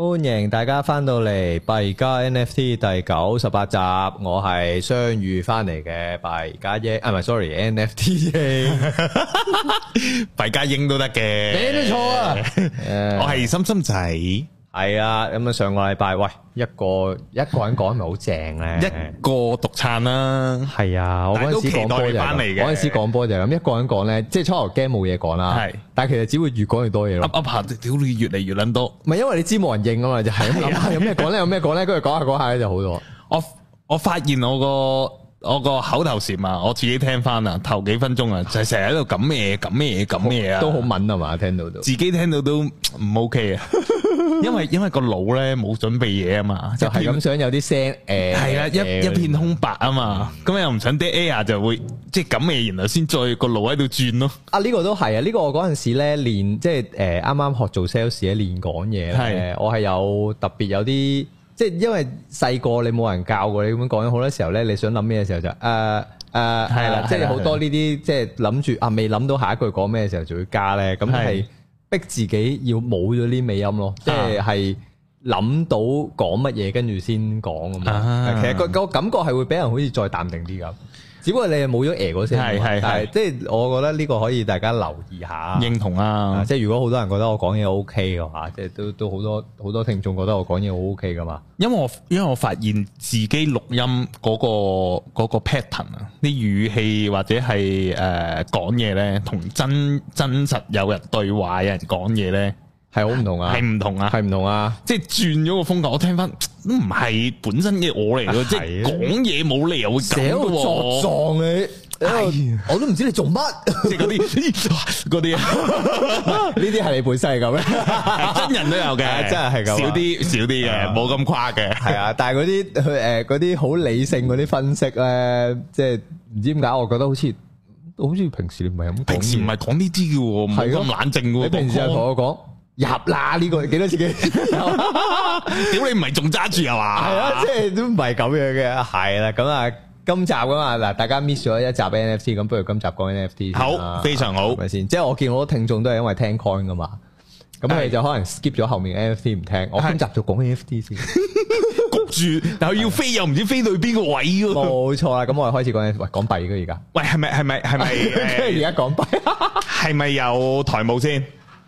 歡迎大家翻到嚟幣加 NFT 第九十八集，我係相遇翻嚟嘅幣加鷹，啊唔係 sorry，NFT 幣 加鷹都得嘅，你都錯啊， 我係心心仔。係啊，咁啊上個禮拜喂一個一個人講咪好正咧，一個獨撐啦，係啊的，但也 我嗰陣時講波就，我嗰陣時講波就係咁，一個人講咧，即係初頭驚冇嘢講啦，係的，但係其實只會越講越多嘢咯，啊，啊屌你，啊，越嚟越捻多，唔係因為你知冇人應啊嘛，就係諗下有咩講咧，有咩講咧，跟住講下講下就好咗， 我我發現我個。我個口頭禪啊，我自己聽翻啊，頭幾分鐘啊，就成日喺度咁咩嘢，咁咩嘢，咁咩嘢啊，都好敏啊嘛，聽到都自己聽到都唔 OK 啊，因為因為個腦咧冇準備嘢啊嘛， 片就係咁想有啲聲，誒係啦一、呃、一片空白啊嘛，咁、嗯、又唔想 dead air 就會即係講嘢，然後先再個腦喺度轉咯。啊呢個都係啊，呢、這個這個我嗰陣時咧練，即係誒啱啱學做 sales 咧練講嘢，係我係有特別有啲。即係因為細個你冇人教過，你咁樣講咗好多時候咧，你想諗咩嘅時候就誒誒係啦，呃呃、的即係好多呢啲即係諗住啊，的未諗到下一句講咩嘅時候就會，就要加咧，咁係逼自己要冇咗啲尾音咯，即係係諗到講乜嘢跟住先講咁樣啊。其實個感覺係會俾人好似再淡定啲咁。只不過你係冇咗誒嗰聲，是是是但係即係我覺得呢個可以大家留意下，認同啊！即係如果好多人覺得我講嘢 O K 嘅話，OK，即係都都好多好多聽眾覺得我講嘢好 O K 噶嘛？因為我因為我發現自己錄音嗰、嗰個、嗰個 pattern 啊，啲語氣或者係誒講嘢咧，同、呃、真真實有人對話有人講嘢咧。係好唔同啊！係唔同啊！係唔同啊！即係轉咗個風格，我聽翻唔係本身嘅我嚟嘅，即係講嘢冇理由會咁。寫作撞你，我都唔知你做乜，即係嗰啲嗰啲，呢啲係你本身係咁咩？真人都有嘅，真係係咁。少啲少啲嘅，冇咁誇嘅。係啊，但係嗰啲誒嗰啲好理性嗰啲分析咧，即係唔知點解我覺得好似好似平時你唔係咁平時唔係講呢啲嘅，唔係咁冷靜嘅。你平時係同我講。入啦呢個係幾多次？屌你唔係仲揸住係嘛？係啊，即係都唔係咁樣嘅，係啦，咁啊，今集噶嘛嗱，大家 miss 咗一集 NFT，咁不如今集講 NFT，好，非常好，係咪先？即係我見好多聽眾都係因為聽 coin 噶嘛，咁你就可能 skip 咗後面 NFT 唔聽，我今集就講 NFT 先，焗住，但係要飛又唔知飛到邊個位咯。冇錯啦，咁我哋開始講喂，講幣噶而家，喂係咪係咪係咪？而家講幣，係咪有台幕先？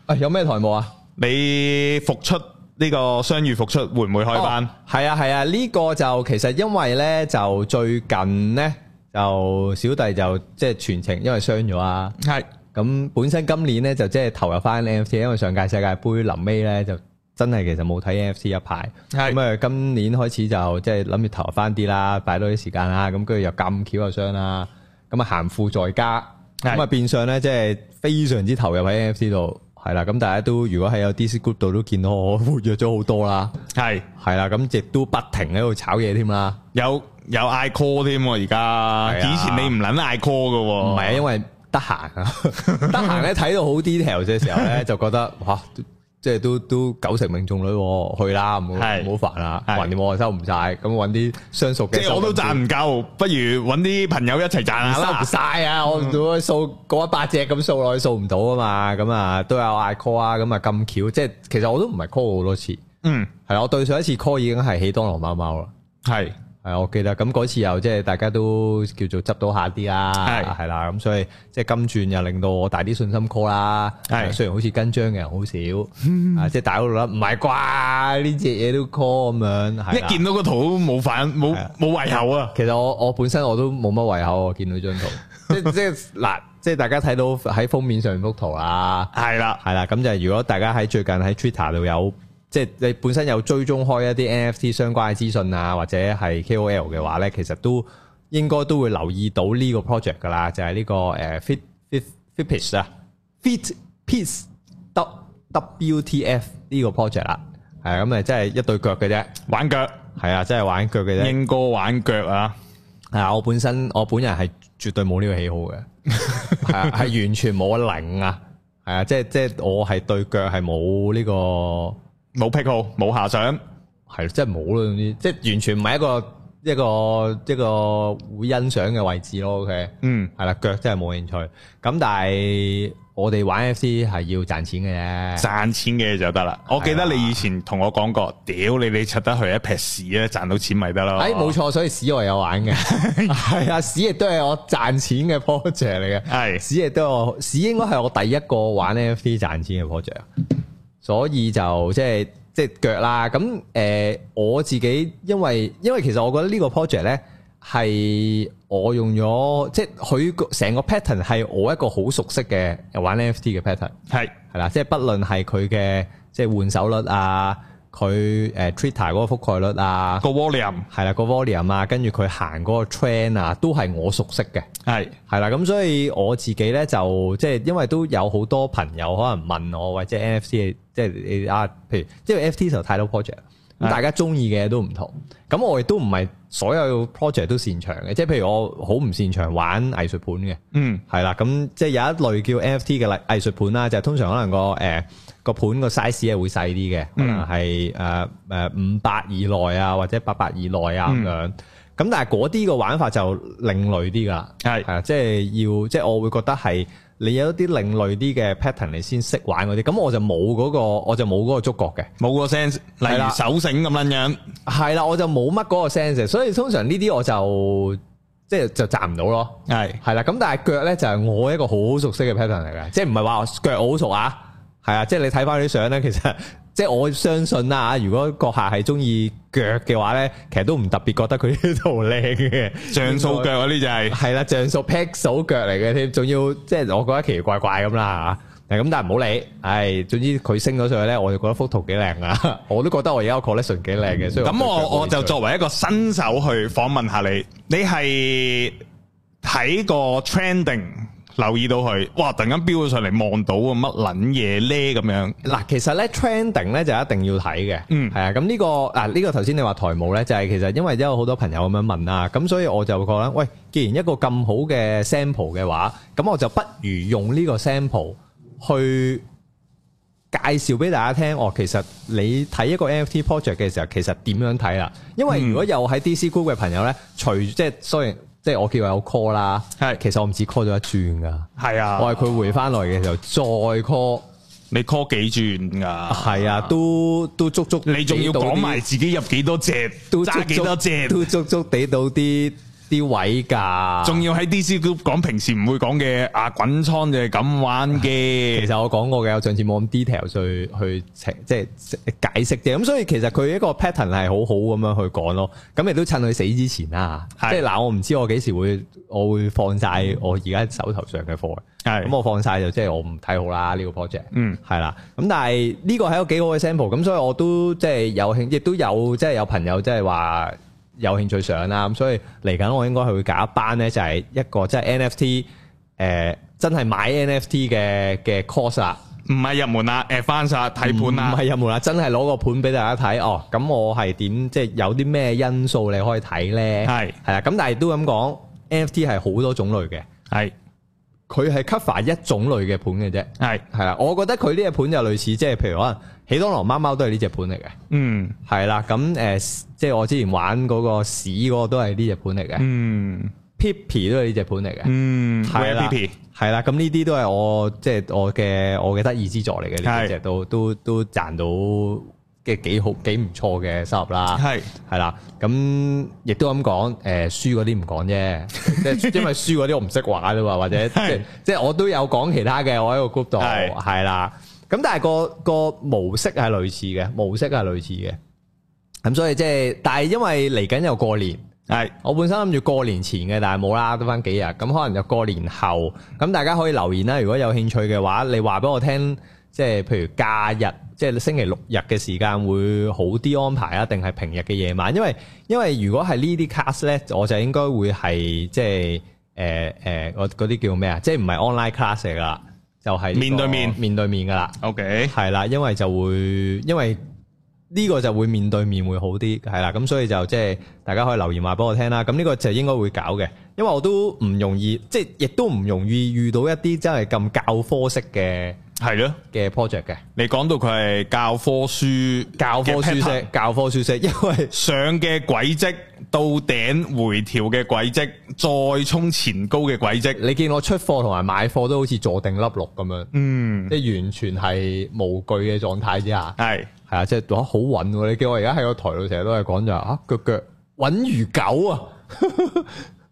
誒，有咩台幕啊？你復出呢個傷愈復出會唔會開班？係啊係啊，呢、啊呢個就其實因為呢，就最近呢，就小弟就即係、就是、全程因為傷咗啊。係咁是本身今年呢，就即係投入翻 NFT 因為上屆世界盃臨尾呢，就真係其實冇睇 NFT 一排。咁啊是，今年開始就即係諗住投入翻啲啦，擺多啲時間啦。咁跟住又咁巧又傷啦，咁啊閒賦在家咁啊是變相呢，即、就、係、是、非常之投入喺 NFT 度。係啦，咁大家都如果喺有 Discord 度都見到我活躍咗好多啦，係係啦，咁亦都不停喺度炒嘢添啦，有有嗌 call 添而家。的以前你唔撚嗌 call 㗎。唔係啊，因為得閒啊，得閒咧睇到好 detail 嘅時候咧，就覺得 哇。即係都都九成命中率，去啦，唔好唔好煩啦，橫掂是我收唔晒，咁搵啲相熟嘅，即係我都賺唔夠，不如搵啲朋友一齊賺下啦，唔晒啊！嗯、我掃過一百隻咁掃落去，掃唔到啊嘛，咁啊都有嗌 call 啊，咁啊咁巧，即係其實我都唔係 call 過好多次，嗯，係我對上一次 call 已經係起當勞貓貓啦，係。係，我記得咁嗰次又即係大家都叫做執到一下啲啦，係啦的，咁所以即係今轉又令到我大啲信心 call 啦，係的雖然好似跟張嘅人好少，啊 即係大嗰度啦，唔係啩？呢隻嘢都 call 咁樣，一見到個圖冇反冇冇的胃口啊！其實我我本身我都冇乜胃口，我見到張圖， 即即嗱，即係大家睇到喺封面上幅圖啦，係啦係啦，咁就的如果大家喺最近喺 Twitter 度有。即係你本身有追蹤開一啲 NFT 相關嘅資訊啊，或者係 KOL 嘅話咧，其實都應該都會留意到呢個 project 噶啦，就係呢個誒 uh, fit fit piece 啊，fit piece w t f 呢個 project 啦，係，嗯，咁啊，即係一對腳嘅啫，玩腳係啊，真係玩腳嘅啫，應該玩腳啊，係啊，我本身我本人係絕對冇呢個喜好嘅，係 啊，係完全冇零啊，係啊，即係即係我係對腳係冇呢個。冇癖好，冇下想，係即係冇咯，總之即係完全唔係一個一個一個會欣賞嘅位置咯。OK，嗯，係啦，腳真係冇興趣。咁但係我哋玩 F C 係要賺錢嘅啫，賺錢嘅就得啦。我記得你以前同我講過，屌的你你出得去一撇屎啊，賺到錢咪得咯。哎，冇錯，所以屎我有玩嘅，係啊， 屎亦都係我賺錢嘅 project 嚟嘅，係的，屎亦都，屎應該係我第一個玩咧 F C 賺錢嘅 project。 所以就即係即係腳啦，咁誒、呃、我自己因為因為其實我覺得個呢個 project 咧係我用咗即係佢成個 pattern 係我一個好熟悉嘅玩 NFT 嘅 pattern，係係啦，即係是、就是、不論係佢嘅即係換手率啊。佢誒 Twitter 嗰個覆蓋率啊，個 volume 係啦，個 volume 啊，跟住佢行嗰個 trend 啊，都係我熟悉嘅，係係啦，咁所以我自己咧就即係因為都有好多朋友可能問我或者 NFT，即係你啊，譬如因為 NFT 有太多 project，大家中意嘅嘢都唔同，咁的我亦都唔係所有 project 都擅長嘅，即係譬如我好唔擅長玩藝術盤嘅，嗯，係啦，咁即係有一類叫 NFT 嘅例藝術盤啦，就係、是、通常可能個誒。呃個盤個 size 係會細啲嘅，可能係誒誒五百以內啊，或者八百以內啊咁樣。咁、嗯、但係嗰啲個玩法就另類啲噶，係係即係要即係、就是、我會覺得係你有一啲另類啲嘅 pattern 你先識玩嗰啲，咁我就冇嗰、嗰個，我就冇嗰個觸覺嘅，冇個 sense，的例如手繩咁樣樣。係啦，我就冇乜嗰個 sense，所以通常呢啲我就即係就賺、是、唔到咯。係係啦，咁但係腳咧就係我一個好熟悉嘅 pattern 嚟嘅，即係唔係話腳好熟啊。係啊，即係你睇翻啲相咧，其實即係我相信啦吓。如果閣下係中意腳嘅話咧，其實都唔特別覺得佢呢度靚嘅，像素腳嗰啲就係係啦，像素 Pax 手腳嚟嘅添，仲要即係我覺得奇奇怪怪咁啦吓。但係咁但係唔好理，唉、哎，總之佢升咗上去咧，我就覺得幅圖幾靚啊。嗯、我都覺得我而家 collection 幾靚嘅。所咁我我，我就作為一個新手去訪問下你，你係睇過 trending？留意到佢，哇！突然間飆咗上嚟，望到啊乜撚嘢咧咁樣。嗱，其實咧 trending 咧就一定要睇嘅。嗯，係啊。咁呢個嗱呢個頭先你話台冇咧，就係其實因為都有好多朋友咁樣問啦。咁所以我就覺得，喂，既然一個咁好嘅 sample 嘅話，咁我就不如用呢個 sample 去介紹俾大家聽。我其實你睇一個 NFT project 嘅時候，其實點樣睇啦？因為如果有喺 DC Group 嘅朋友咧，除即係雖然。即係我叫佢有 call 啦，係，其實我唔止 call 咗一轉噶，係啊，我係佢回翻來嘅時候再 call，你 call 幾轉噶？啊？係啊，都都足足，你仲要講埋自己入幾多隻，都揸幾多隻，都足足俾到啲。啲位㗎，仲要喺 DC Group 講平時唔會講嘅啊，滾倉就係咁玩嘅。其實我講過嘅，我上次冇咁 detail 去去即係解釋啫。咁所以其實佢一個 pattern 係好好咁樣去講咯。咁亦都趁佢死之前啦。是的 即係嗱，我唔知我幾時會我會放晒我而家手頭上嘅貨嘅。係咁，是的 我放晒就即係我唔睇好啦呢個 project。嗯，係啦。咁但係呢個係一個幾好嘅 sample。咁所以我都即係有興，亦都有即係有朋友即係話。有興趣上啦，咁所以嚟緊我應該係會搞一班咧，就係一個即係 NFT，誒真係買 NFT 嘅嘅 course 啦，唔係入門啦，誒翻曬睇盤啦，唔係入門啦，真係攞個盤俾大家睇哦。咁我係點即係有啲咩因素你可以睇咧？係係啊，咁但係都咁講，NFT 係好多種類嘅，係佢係 cover 一種類嘅盤嘅啫，係係啊。我覺得佢呢個盤就類似即係譬如可能。喜多郎貓貓都係呢隻盤嚟嘅，嗯，係啦，咁誒，即係我之前玩嗰個屎嗰個都係呢隻盤嚟嘅，嗯，Pippi 都係呢隻盤嚟嘅，嗯，係啦，Pippi，係啦，咁呢啲都係我即係我嘅我嘅得意之作嚟嘅，呢幾隻都都都賺到嘅幾好幾唔錯嘅收入啦，係係啦，咁亦都咁講，誒，輸嗰啲唔講啫，即係因為輸嗰啲我唔識玩啦嘛，或者即係即係我都有講其他嘅，我喺個 group 度係啦。咁但係個個模式係類似嘅，模式係類似嘅。咁所以即係，但係因為嚟緊又過年，係我本身諗住過年前嘅，但係冇啦，得翻幾日。咁可能就過年後，咁大家可以留言啦。如果有興趣嘅話，你話俾我聽，即係譬如假日，即係星期六日嘅時間會好啲安排啊，定係平日嘅夜晚？因為因為如果係呢啲 class 咧，我就應該會係即係誒誒，我嗰啲叫咩啊？即係唔係 online class 嚟噶。就係面對面，面對面噶啦，OK，係啦，因為就會，因為呢個就會面對面會好啲，係啦，咁所以就即係大家可以留言話俾我聽啦。咁呢個就應該會搞嘅，因為我都唔容易，即係亦都唔容易遇到一啲真係咁教科式嘅，係咯嘅 project 嘅，你講到佢係教科書教科書式教科書式，因為上嘅軌跡到頂回調嘅軌跡，再衝前高嘅軌跡，你見我出貨同埋買貨都好似坐定粒六咁樣，嗯，即係完全係無懼嘅狀態之下，係係啊，即係做得好穩，你見我而家喺個台度成日都係講就話啊，腳腳穩如狗啊。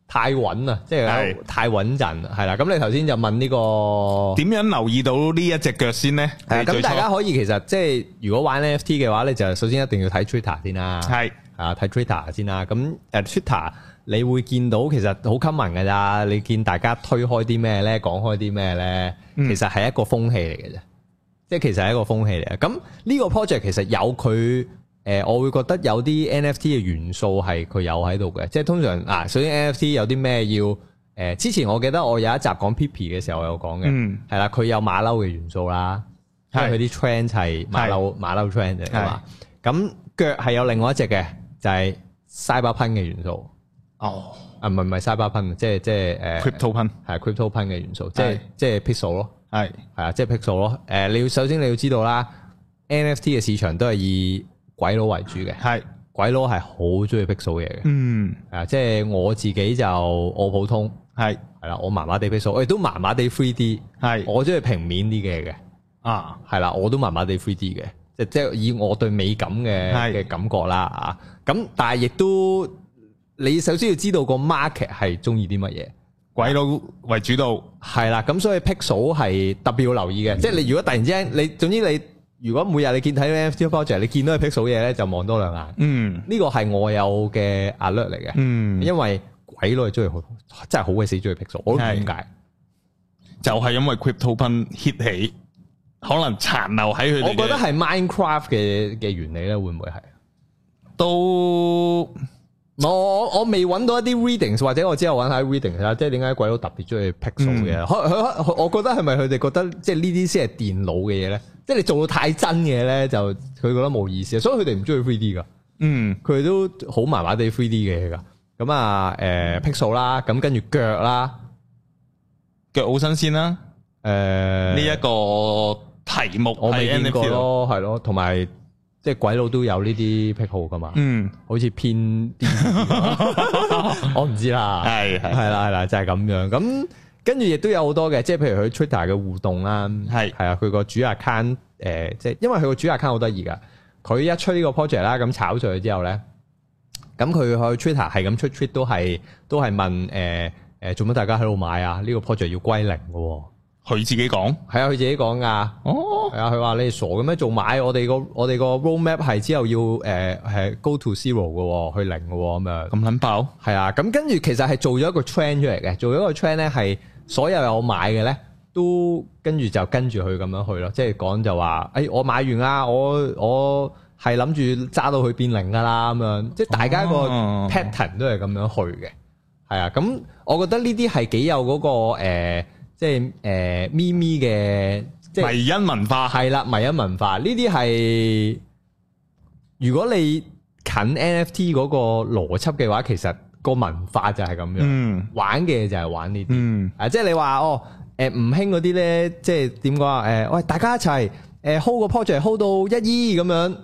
太穩啦，即係太穩陣啦，係啦對。咁你頭先就問呢、呢個點樣留意到呢一隻腳先呢？咁大家可以其實即係如果玩 NFT 嘅話咧，你就首先一定要睇 Twitter 先啦。係啊對，睇 Twitter 先啦。咁誒、呃、Twitter 你會見到其實好 common 㗎咋。你見大家推開啲咩呢？講開啲咩呢？其實係一個風氣嚟嘅啫。即係、嗯、其實係一個風氣嚟嘅。咁呢個 project 其實有佢。誒，我會覺得有啲 NFT 嘅元素係佢有喺度嘅，即係通常嗱，首先 NFT 有啲咩要誒？之前我記得我有一集講 Pipi 嘅時候，我有講嘅，係啦，佢有馬騮嘅元素啦，係佢啲 trend 係馬騮馬騮 trend 啫嘛。咁腳係有另外一隻嘅，就係 Cyberpunk 嘅元素。哦，啊唔係唔係 Cyberpunk，即係即係誒，crypto punk 係 crypto punk 嘅元素，即係即係 pixel 咯，係係啊，即係 pixel 咯。誒，你要首先你要知道啦，NFT 嘅市場都係以鬼佬為主嘅，係是鬼佬係好中意 Pixel 嘢嘅，嗯，啊，即係我自己就我普通，係係啦，我麻麻地 Pixel，我亦都麻麻地 three D，係我中意平面啲嘅嘅，啊，係啦，我都麻麻地 three D 嘅，即即係以我對美感嘅嘅是感覺啦，啊，咁但係亦都你首先要知道個 market 係中意啲乜嘢，鬼佬為主導，係啦，咁所以 Pixel 係特別要留意嘅，即係、嗯、你如果突然之間你，總之你。如果每日你見睇啲 NFT project，你見到佢 pixel 嘢咧，就望多兩眼。嗯，呢個係我有嘅 alert 嚟嘅。嗯，因為鬼佬係中意好，真係好鬼死中意 pixel 的。我唔知點解，就係因為 Crypto punk hit 起，可能殘留喺佢、嗯。我覺得係 Minecraft 嘅嘅原理咧，會唔會係？都我我未揾到一啲 readings，或者我之後揾下 readings 啦。即係點解鬼佬特別中意 pixel 嘅？我覺得係咪佢哋覺得即係呢啲先係電腦嘅嘢咧？即係你做到太真嘅咧，就佢覺得冇意思，所以佢哋唔中意 three D 噶。嗯，佢哋都好麻麻地 three D 嘅噶。咁啊，誒，p i x e l 啦，咁跟住腳啦，腳好新鮮啦。誒，呢一個題目我未見過咯，係咯，同埋即係鬼佬都有呢啲癖好噶嘛。嗯，好似偏癲，我唔知啦。係係係啦係啦，就係咁樣咁。跟住亦都有好多嘅，即係譬如佢 Twitter 嘅互動啦，係係是啊，佢個主 account 誒，即、呃、係因為佢個主 account 好得意噶，佢一出呢個 project 啦，咁炒上去之後咧，咁佢去 Twitter 係咁出 tweet 都係都係問，誒、呃、誒，做乜大家喺度買啊？呢、這個 project 要歸零噶、哦，佢自己講，係啊，佢自己講噶，哦，係啊，佢話、啊、你傻嘅咩？仲買我哋個我哋個 road map 係之後要誒係、呃、go to zero 噶、哦，去零噶、哦，咁啊，咁狠爆，係啊，咁跟住其實係做咗一個 trend 出嚟嘅，做咗個 trend 咧係。所有有我買嘅咧，都跟住就跟住佢咁樣去咯，即係講就話，誒、哎、我買完啦，我我係諗住揸到佢變零噶啦咁樣，即係大家個 pattern 都係咁樣去嘅，係啊，咁我覺得呢啲係幾有嗰、那個、呃、即係誒、呃、咪咪嘅迷因文化係啦，迷因文化呢啲係如果你近 NFT 嗰個邏輯嘅話，其實。個文化就係咁樣，嗯、玩嘅就係玩呢啲，嗯、啊即係你話哦，誒唔興嗰啲咧，即係點講啊？誒、就、喂、是呃，大家一齊誒 hold 個 project，hold 到一億咁樣，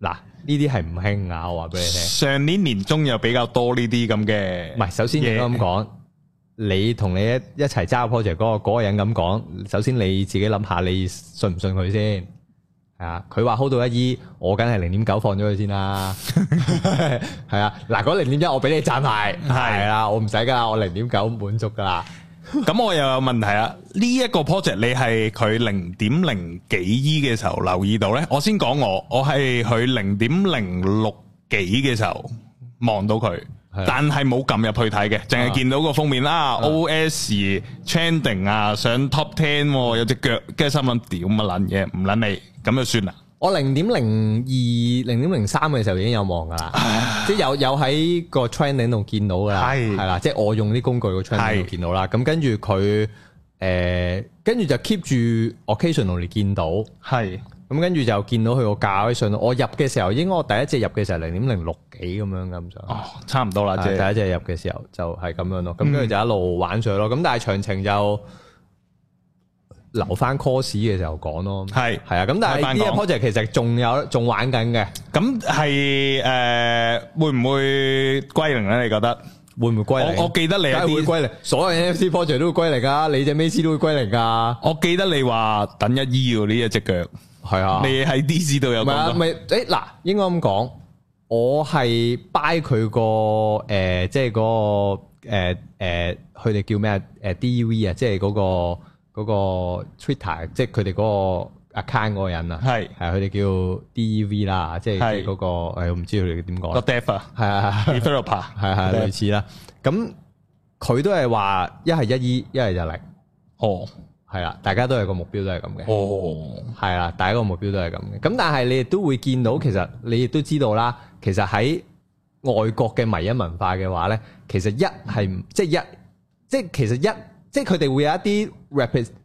嗱呢啲係唔興啊！我話俾你聽，上年年中又比較多呢啲咁嘅，唔係首先你都咁講，你同你一一齊揸 project 嗰個個人咁講，首先你自己諗下，你信唔信佢先？啊！佢話 hold 到一依，我梗係零點九放咗佢先啦。係啊，嗱，嗰零點一我俾你贊牌，係啦，我唔使噶啦，我零點九滿足噶啦。咁我又有問題啦？呢一個 project 你係佢零點零幾依嘅時候留意到咧，我先講我，我係佢零點零六幾嘅時候望到佢，但係冇撳入去睇嘅，淨係見到個封面啦。OS trending 啊，上 top ten，有隻腳，跟住心諗屌乜，撚嘢唔撚你？咁就算啦，我零點零二、零點零三嘅時候已經有望噶啦，即係有有喺個 trending 度見到噶啦，係係啦，即係我用啲工具個 trending 度見到啦。咁跟住佢誒，跟住就 keep 住 occasionally 見到，係咁是跟住就見到佢個價喺上我入嘅時候，應該我第一隻入嘅時候零點零六幾咁樣噶咁就，哦，差唔多啦，即係是第一隻入嘅時候就係咁樣咯。咁跟住就一路玩上去咯。咁、嗯、但係詳情就。留翻 course 嘅時候講咯，係係是啊，咁但係呢個 project 其實仲有仲玩緊嘅，咁係誒會唔會歸零咧？你覺得會唔會歸零我？我記得你會歸零，所有 NFT project 都會歸零噶、啊，你隻 Maze 都會歸零噶。我記得你話等一依喎、啊，呢一隻腳係啊，你喺 DC 度有講。唔係嗱，應該咁講，我係掰佢個誒，即係嗰個誒佢哋叫咩啊？誒 D U V 啊，即係嗰個。呃就是那個呃呃嗰個 Twitter 即係佢哋嗰個 account 嗰個人啊，係係佢哋叫 DEV 啦，即係嗰個我唔知佢哋點講個 defer 係啊係啊，defer 啊係係類似啦。咁佢都係話一係一依，一係就零。哦，係啊、oh.，大家都係個目標都係咁嘅。哦、oh.，係啊，大家個目標都係咁嘅。咁、oh. 但係你亦都會見到，其實你亦都知道啦。其實喺外國嘅迷因文化嘅話咧，其實一係即係一即係其實一。即係佢哋會有一啲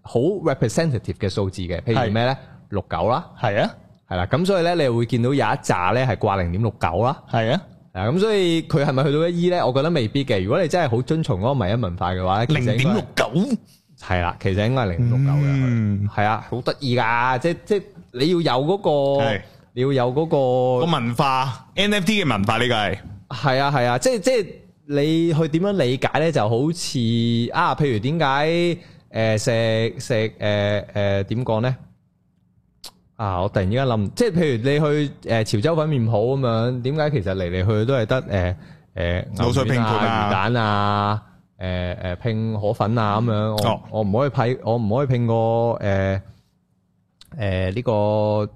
好 representative 嘅數字嘅，譬如咩咧？六九啦，係啊，係啦。咁所以咧，你會見到有一紮咧係掛零點六九啦，係啊。係啊，咁所以佢係咪去到一 E 咧？我覺得未必嘅。如果你真係好遵從嗰個 meme 文化嘅話，零點六九係啦，其實應該係零點六九嘅。係啊，好得意㗎！即即你要有嗰個，你要有嗰個個文化 NFT 嘅文化呢個，係係啊係啊，即即。你去點樣理解咧？就好似啊，譬如點解誒石石誒誒點講咧？啊！我突然之間諗，即係譬如你去誒、呃、潮州粉麵鋪咁樣，點解其實嚟嚟去去都係得誒誒鹵水拼皮魚蛋啊？誒、呃、誒拼河粉啊咁樣，我唔、哦、可以派，我唔可以拼個誒誒呢個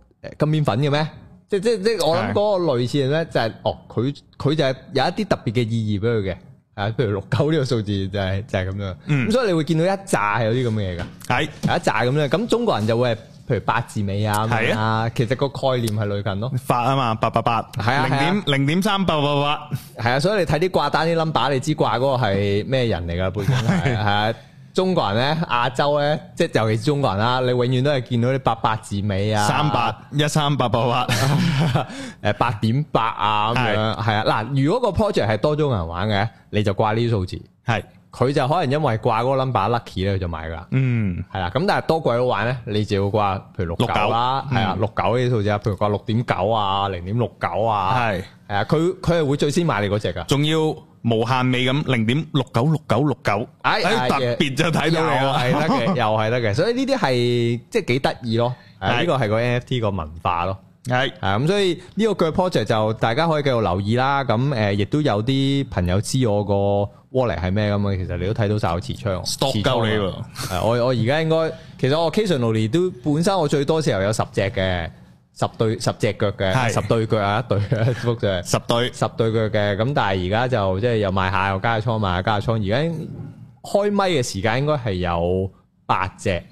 金邊粉嘅咩？即係即係即係的我諗嗰個類似咧、哦、就係哦佢佢就係有一啲特別嘅意義俾佢嘅，係啊，譬如六九呢個數字就係、是、就係、是、咁樣，咁、嗯、所以你會見到一紮係有啲咁嘅嘢嘅，係的有一紮咁樣，咁中國人就會係譬如八字尾啊，係啊的，其實個概念係類近咯，發啊嘛八八八，係啊，零點零點三八八八，係啊， 所以你睇啲掛單啲 number 你知掛嗰個係咩人嚟嘅背景係啊。 中國人咧，亞洲咧，即係尤其是中國人啦，你永遠都係見到啲八八字尾啊，三八一三百八八八，誒八點八啊咁是樣，係啊嗱，如果個 project 係多中人玩嘅，你就掛呢啲數字，係佢是就可能因為掛嗰個 number lucky 咧就買噶啦，嗯係啦，咁、啊、但係多鬼佬玩咧，你就要掛譬如六九啦，係啊六九呢啲數字，啊，譬如掛六點九、嗯、啊，零點六九啊，係係啊佢佢係會最先買你嗰隻噶，仲要。無限尾咁零點六九六九六九，哎，特別就睇到你咯，係得嘅，又係得嘅，所以呢啲係即係幾得意咯，呢個係個 NFT 個文化咯，係，係咁所以呢個腳 project 就大家可以繼續留意啦，咁誒，亦都有啲朋友知我個 wallet 係咩咁啊，其實你都睇到晒我持倉，stop 夠你喎，我我而家應該，其實我 K 線六年都本身我最多時候有十隻嘅。十對十隻腳嘅，十對腳啊，一對，一副就係十對十對腳嘅，咁但係而家就即係又賣下又加下倉，賣下加下倉，而家開咪嘅時間應該係有八隻，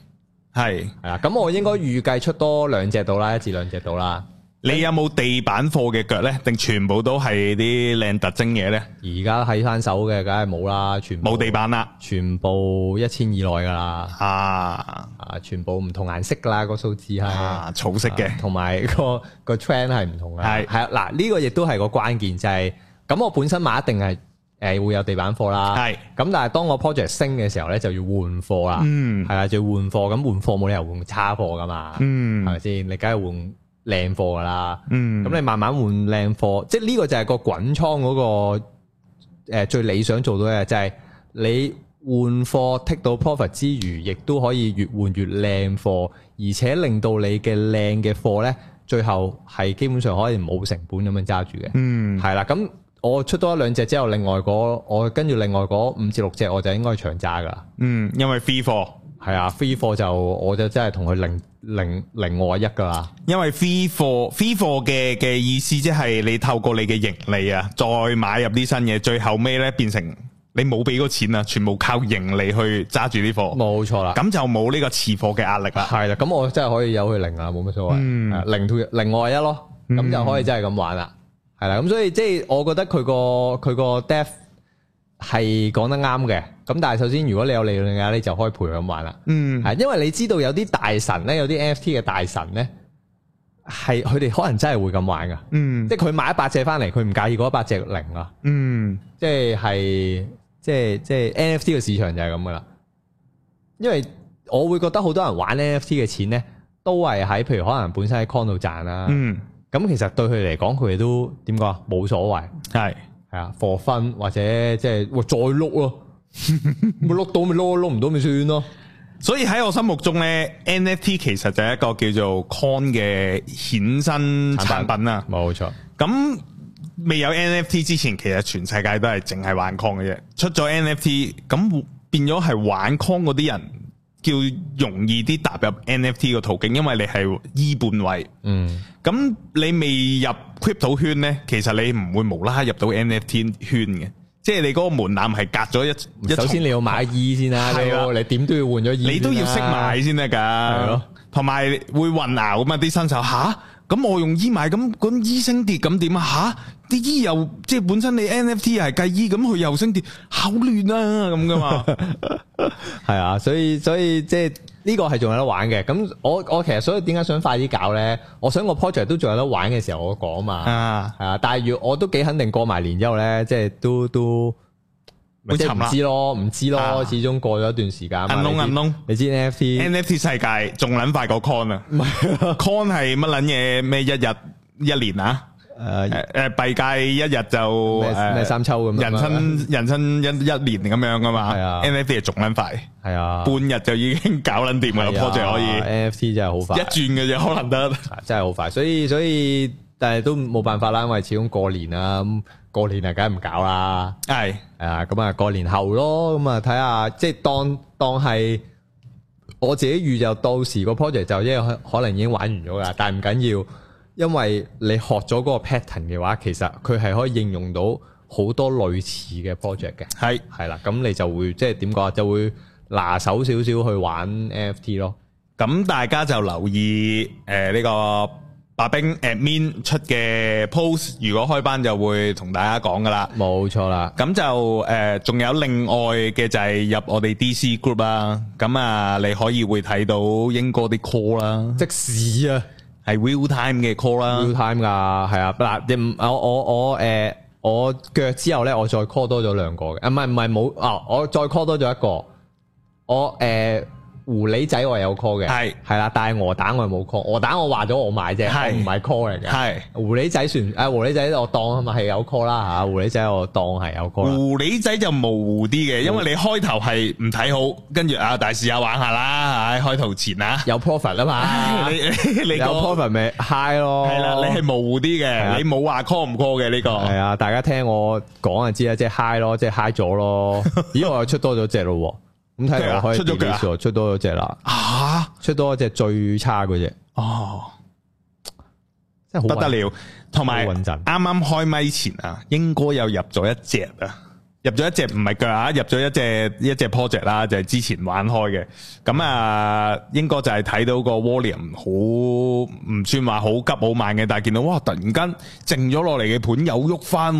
係係啦，咁我應該預計出多兩隻到啦，一至兩隻到啦。你有冇地板貨嘅腳咧？定全部都係啲靚特徵嘢咧？而家睇翻手嘅，梗係冇啦，全冇地板啦，全部一千以內噶啦，啊啊，全部唔同顏色噶啦，個數字係草色嘅，同埋個個 trend 係唔同嘅，係係啊嗱，呢個亦都係個關鍵就係咁，我本身買一定係誒會有地板貨啦，係咁，但係當我 project 升嘅時候咧，就要換貨啦，係啦，就要換貨，咁換貨冇理由換差貨噶嘛，係咪先？你梗係換。靚貨噶啦，咁、嗯、你慢慢換靚貨，即係呢個就係個滾倉嗰個誒最理想做到嘅，就係你換貨剔到 profit 之餘，亦都可以越換越靚貨，而且令到你嘅靚嘅貨呢，最後係基本上可以冇成本咁樣揸住嘅。嗯，係啦，咁我出多一兩隻之後，另外嗰嗰個、我跟住另外嗰五至六隻，我就應該長揸噶啦。嗯，因為 free 貨。係啊，free 貨就我就真係同佢另另另外一噶啦。因為 free 貨 free 貨嘅嘅意思即係你透過你嘅盈利啊，再買入啲新嘢，最後尾咧變成你冇俾個錢啊，全部靠盈利去揸住啲貨。冇錯啦，咁就冇呢個持貨嘅壓力啦。係啦、啊，咁我真係可以由佢零啊，冇乜所謂。嗯、零退 o 另外一咯，咁就可以真係咁玩啦。係啦、嗯，咁、啊、所以即係我覺得佢個佢個 death 係講得啱嘅。咁但係首先，如果你有利潤嘅，你就可以培養玩啦。嗯，係因為你知道有啲大神咧，有啲 NFT 嘅大神咧，係佢哋可能真係會咁玩噶。嗯，即係佢買一百隻翻嚟，佢唔介意嗰一百隻零啊。嗯，即係即係即係 NFT 嘅市場就係咁噶啦。因為我會覺得好多人玩 NFT 嘅錢咧，都係喺譬如可能本身喺 Coin 度賺啦。嗯，咁其實對佢嚟講，佢哋都點講啊？冇所謂，係係啊，for fun 或者即係再碌咯。咪 碌到咪碌，碌唔到咪算咯。所以喺我心目中咧，NFT 其實就係一個叫做 Coin 嘅衍生產品啊。冇錯。咁未有 NFT 之前，其實全世界都係淨係玩 Coin 嘅啫。出咗 NFT，咁變咗係玩 Coin 嗰啲人叫容易啲踏入 NFT 個途徑，因為你係二、e、半位。嗯。咁你未入 Crypto 圈咧，其實你唔會無啦啦入到 NFT 圈嘅。即係你嗰個門檻係隔咗一層，首先你要買衣先啦、啊，係、啊、你點都要換咗衣、啊，你都要識買先得噶，係咯、啊，同埋會混淆咁啊啲新手，吓，咁我用衣買，咁咁衣升跌，咁點啊？吓，啲衣又即係本身你 NFT 係計衣，咁佢又升跌，好亂啊咁噶嘛，係啊，所以所以,所以即係。呢個係仲有得玩嘅，咁我我其實所以點解想快啲搞咧？我想個 project 都仲有得玩嘅時候，我講嘛，係啊。但係如我都幾肯定過埋年之後咧，即係都都會沉啦。唔知咯，唔知咯，始終過咗一段時間。唔通唔通，你知 NFT NFT 世界仲撚快過 con 啊？con 係乜撚嘢？咩一日一年啊？誒誒，閉界一日就咩三秋咁，人生人生一一年咁樣噶嘛？NFT 係仲捻快，係啊，半日就已經搞捻掂噶啦，個 project 可以，NFT 真係好快，一轉嘅啫，可能得，真係好快。所以所以，但係都冇辦法啦，因為始終過年啦，咁過年啊，梗係唔搞啦。係誒，咁啊，過年後咯，咁啊，睇下即係當當係我自己預就到時個 project 就因為可能已經玩完咗噶，但係唔緊要。因為你學咗嗰個 pattern 嘅話，其實佢係可以應用到好多類似嘅 project 嘅。係係啦，咁你就會即係點講啊？就會拿手少少去玩 NFT 咯。咁大家就留意誒呢個白兵 admin 出嘅 post，如果開班就會同大家講噶啦。冇錯啦。咁就誒，仲有另外嘅就係入我哋 DC group 啦。咁啊，你可以會睇到鷹哥啲 call 啦。即使啊～係 real time 嘅 call 啦，real time 噶，係啊，嗱，我我我，誒、呃，我腳之後咧，我再 call 多咗兩個嘅，啊，唔係唔係冇，啊，我再 call 多咗一個，我誒。呃狐狸仔我有 call 嘅，係係啦，但係鵝蛋我冇 call，鵝蛋我話咗我買啫，唔係 call 嚟嘅。係狐狸仔算，誒狐狸仔我當啊嘛係有 call 啦吓，狐狸仔我當係有 call。狐狸仔就模糊啲嘅，因為你開頭係唔睇好，跟住啊，大係試下玩下啦，開頭前啊有 profit 啊嘛，你你你個 profit 咪 high 咯，係啦，你係模糊啲嘅，你冇話 call 唔 call 嘅呢個，係啊，大家聽我講就知啦，即係 high 咯，即係 high 咗咯，咦我又出多咗隻咯。咁睇嚟，出咗隻咯，出多咗隻啦。啊，出多一隻最差嗰隻。哦、啊，即係不得了。同埋啱啱開咪前啊，鷹哥有入咗一隻啊，入咗一隻唔係腳啊，入咗一隻一隻 project 啦，就係之前玩開嘅。咁啊，鷹哥就係睇到個 volume 好唔算話好急好慢嘅，但係見到哇，突然間靜咗落嚟嘅盤有喐翻，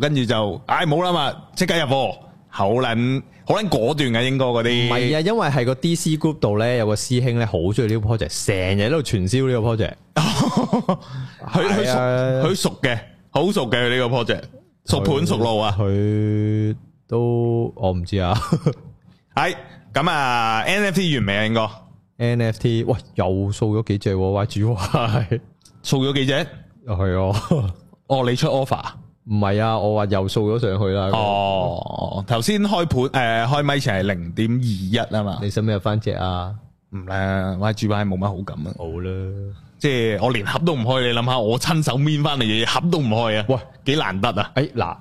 跟住就唉冇啦嘛，即、哎、刻入，好捻。可能果斷嘅，鷹哥嗰啲唔係啊，因為係個 D C group 度咧，有個師兄咧，好中意呢個 project，成日喺度傳銷呢個 project。佢佢熟嘅，好熟嘅呢個 project，熟盤熟路啊。佢都我唔知啊。哎，咁啊 N F T 完未啊？鷹哥 N F T，喂又掃咗幾隻 Y G，掃咗幾隻，係哦。哦，你出 offer。唔係啊，我話又掃咗上去啦。哦，頭先、哦、開盤誒、呃，開咪前係零點二一啊嘛。你使唔使入翻隻啊？唔咧，主板係冇乜好感啊。好啦了，即係我連盒都唔開，你諗下我親手搣翻嚟，嘅盒都唔開啊。喂，幾難得啊？誒、欸，嗱。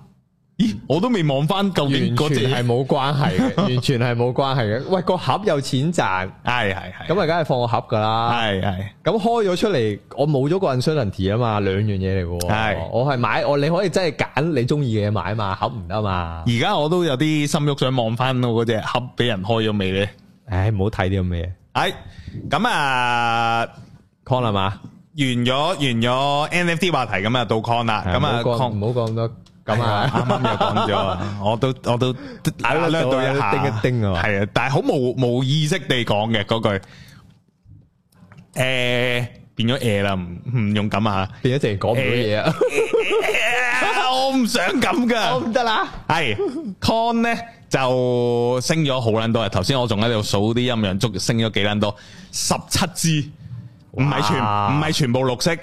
咦，我都未望翻到，完全係冇關係嘅，完全係冇關係嘅。喂，個盒有錢賺，係係係，咁啊，梗係放個盒噶啦，係係。咁開咗出嚟，我冇咗個 insurance 啊嘛，兩樣嘢嚟嘅。係，我係買我，你可以真係揀你中意嘅嘢買啊嘛，盒唔得嘛。而家我都有啲心喐想望翻我嗰隻盒俾人開咗未咧？唉，唔好睇啲咁嘅嘢。係咁啊，con 啦嘛，完咗完咗 NFT 話題咁啊，到 con 啦。咁啊，con，唔好講唔好講咁多。咁啊，啱啱又講咗，我都我都兩兩度一叮一叮啊，係啊，但係好無無意識地講嘅嗰句，誒變咗誒啦，唔唔用咁啊，變咗直講唔到嘢啊，我唔想咁㗎，我唔得啦。係 con 咧就升咗好撚多，頭先我仲喺度數啲陰陽燭升咗幾撚多，十七支，唔係全唔係全部綠色。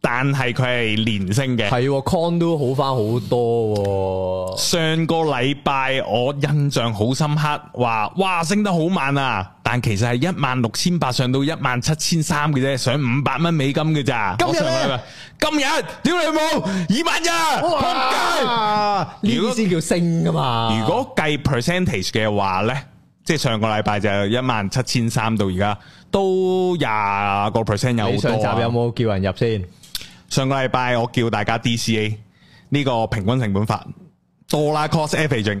但係佢係連升嘅，哦，係 con 都好翻好多，哦。上個禮拜我印象好深刻，話哇升得好慢啊！但其實係一萬六千八上到一萬七千三嘅啫，上五百蚊美金嘅咋？今日今日屌你冇二萬一，撲街 天！呢啲先叫升噶嘛？如果計 percentage 嘅話咧，即係上個禮拜就一萬七千三到而家都廿個 percent 有，啊。上集有冇叫人入先？上個禮拜我叫大家 DCA 呢個平均成本法，dollar cost averaging 誒，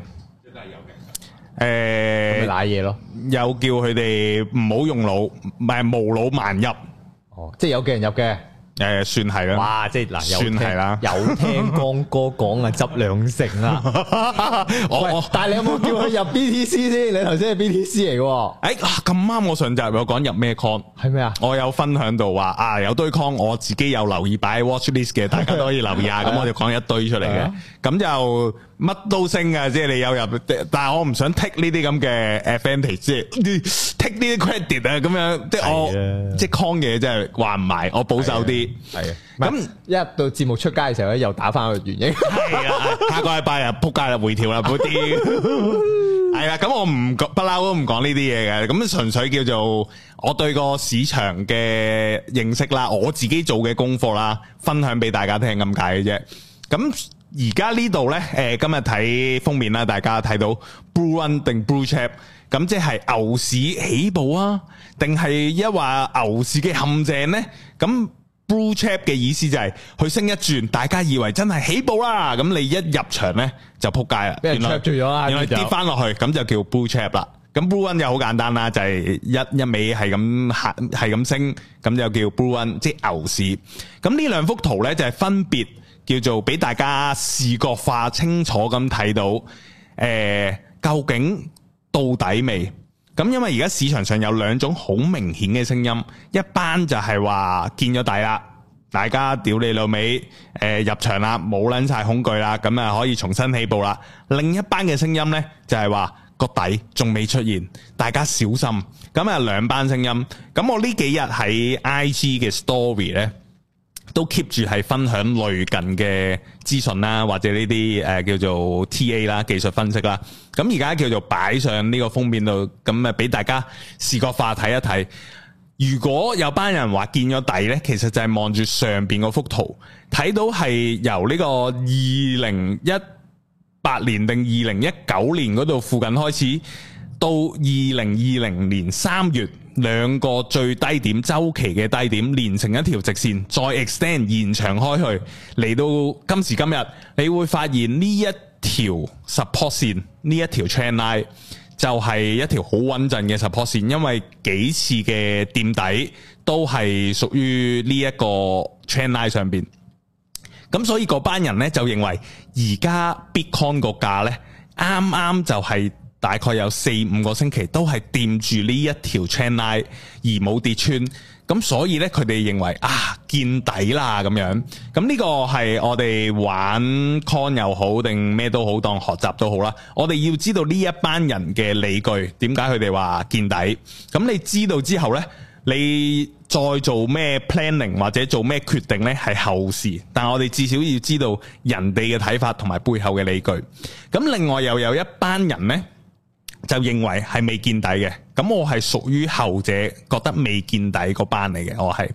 瀨嘢、欸、咯，有叫佢哋唔好用腦，唔係無腦慢入，哦，即係有嘅人入嘅。誒，算係啦。哇，即係嗱，又聽，又聽光哥講啊，執兩成啦。喂，但係你有冇叫佢入 B T C 先？你頭先係 B T C 嚟嘅。誒，咁啱我上集有講入咩 con？係咩啊？我有分享到話啊，有堆 con，我自己有留意擺喺 watchlist 嘅，大家都可以留意下。咁我就講一堆出嚟嘅。咁就乜都升嘅，即係你有入，但係我唔想 take 呢啲咁嘅 advantage，即係 take 呢啲 credit 啊，咁樣即係我即係 con 嘢，即係話唔埋，我保守啲。係啊，咁一到節目出街嘅時候咧，又打翻個原因，係啦，下個禮拜又扑街啦，回調啦，回調，係啦，咁我唔不嬲都唔講呢啲嘢嘅，咁純粹叫做我對個市場嘅認識啦，我自己做嘅功課啦，分享俾大家聽咁解嘅啫。咁而家呢度咧，誒，今日睇封面啦，大家睇到 Bull run 定 bull trap，咁即係牛市起步啊，定係一話牛市嘅陷阱咧？咁 bull trap 嘅意思就係、是、佢升一轉，大家以為真係起步啦，咁你一入場咧就扑街啦，俾人 trap 住咗啦，跌翻落去，咁就叫 bull trap 啦。咁 bull run 就好簡單啦，就係、是、一一味係咁係咁升，咁就叫 bull run，即係牛市。咁呢兩幅圖咧就係、是、分別叫做俾大家視覺化清楚咁睇到，誒、呃，究竟到底未。咁因為而家市場上有兩種好明顯嘅聲音，一班就係話見咗底啦，大家屌你老味，誒入場啦，冇撚晒恐懼啦，咁啊可以重新起步啦。另一班嘅聲音呢就係話個底仲未出現，大家小心。咁啊兩班聲音，咁我呢幾日喺 IG 嘅 story 呢。都 keep 住係分享類近嘅資訊啦，或者呢啲誒叫做 TA 啦，技術分析啦。咁而家叫做擺上呢個封面度，咁啊俾大家視覺化睇一睇。如果有班人話見咗底咧，其實就係望住上邊嗰幅圖睇到係由呢個二零一八年定二零一九年度附近開始，到二零二零年三月。兩個最低點周期嘅低點連成一條直線，再 extend 延長開去，嚟到今時今日，你會發現呢一條 support 線，呢一條 trend line 就係一條好穩陣嘅 support 線，因為幾次嘅跌底都係屬於呢一個 trend line 上邊。咁所以嗰班人呢，就認為，而家 Bitcoin 個價呢，啱啱就係、是。大概有四五個星期都係掂住呢一條 channel line 而冇跌穿，咁所以呢，佢哋認為啊見底啦咁樣，咁呢個係我哋玩 con 又好定咩都好當學習都好啦。我哋要知道呢一班人嘅理據，點解佢哋話見底？咁你知道之後呢，你再做咩 planning 或者做咩決定呢？係後事。但係我哋至少要知道人哋嘅睇法同埋背後嘅理據。咁另外又有一班人呢。就認為係未見底嘅，咁我係屬於後者覺得未見底個班嚟嘅，我係。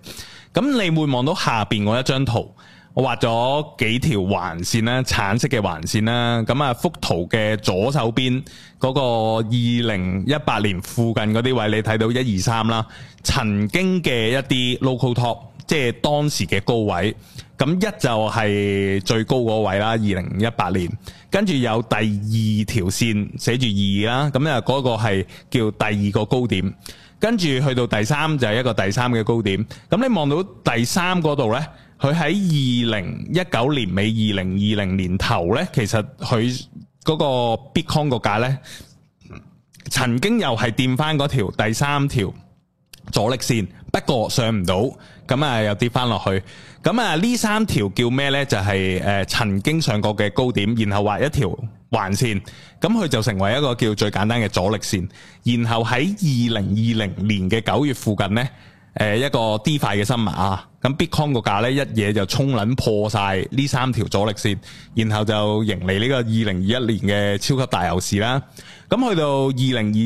咁你會望到下邊嗰一張圖，我畫咗幾條環線啦，橙色嘅環線啦。咁啊幅圖嘅左手邊嗰個二零一八年附近嗰啲位，你睇到一二三啦，曾經嘅一啲 local top。即係當時嘅高位，咁一就係最高嗰位啦，二零一八年，跟住有第二條線寫住二啦，咁咧嗰個係叫第二個高點，跟住去到第三就係一個第三嘅高點。咁你望到第三嗰度呢，佢喺二零一九年尾、二零二零年頭呢，其實佢嗰個 Bitcoin 個價呢曾經又係掂翻嗰條第三條阻力線。不過上唔到，咁啊又跌翻落去。咁啊呢三條叫咩呢？就係、是、誒、呃、曾經上過嘅高點，然後畫一條橫線，咁佢就成為一個叫最簡單嘅阻力線。然後喺二零二零年嘅九月附近呢，誒、呃、一個 DeFi 嘅新聞啊，咁 Bitcoin 個價呢，一嘢就衝捻破晒呢三條阻力線，然後就迎嚟呢個二零二一年嘅超級大牛市啦。咁去到二零二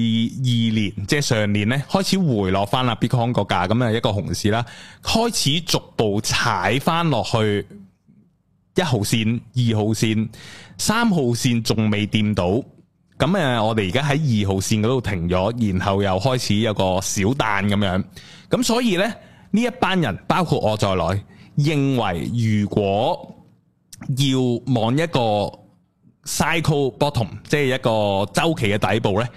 二年，即係上年呢開始回落翻啦 Bitcoin 個價咁啊一個熊市啦，開始逐步踩翻落去一號線、二號線、三號線，仲未掂到。咁誒，我哋而家喺二號線嗰度停咗，然後又開始有個小彈咁樣。咁所以呢，呢一班人包括我在內，認為如果要望一個。cycle bottom 即係一個周期嘅底部呢，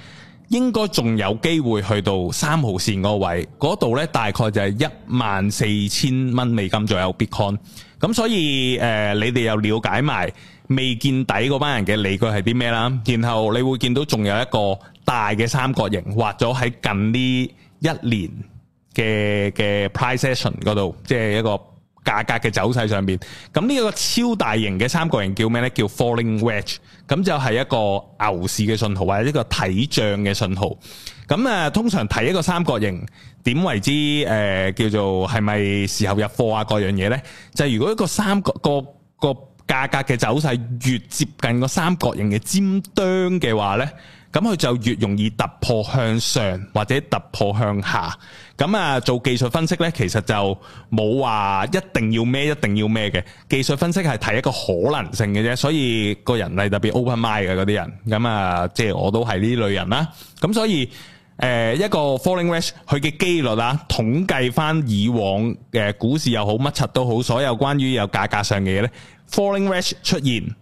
應該仲有機會去到三號線嗰位，嗰度呢大概就係一萬四千蚊美金左右 bitcoin。咁所以誒、呃，你哋又了解埋未見底嗰班人嘅理據係啲咩啦？然後你會見到仲有一個大嘅三角形畫咗喺近呢一年嘅嘅 price action 嗰度，即係一個。價格嘅走勢上面，咁呢個超大型嘅三角形叫咩咧？叫 falling wedge，咁就係一個牛市嘅信號，或者一個睇漲嘅信號。咁誒，通常睇一個三角形點為之誒叫做係咪時候入貨啊？各樣嘢咧，就係如果一個三角個個價格嘅走勢越接近個三角形嘅尖端嘅話咧。咁佢就越容易突破向上或者突破向下。咁啊，做技術分析呢，其實就冇話一定要咩，一定要咩嘅。技術分析係睇一個可能性嘅啫。所以個人係特別 open mind 嘅嗰啲人。咁啊，即係我都係呢類人啦。咁所以誒一個 falling wedge，佢嘅機率啦，統計返以往嘅股市又好，乜柒都好，所有關於有價格上嘅嘢呢，falling wedge 出現。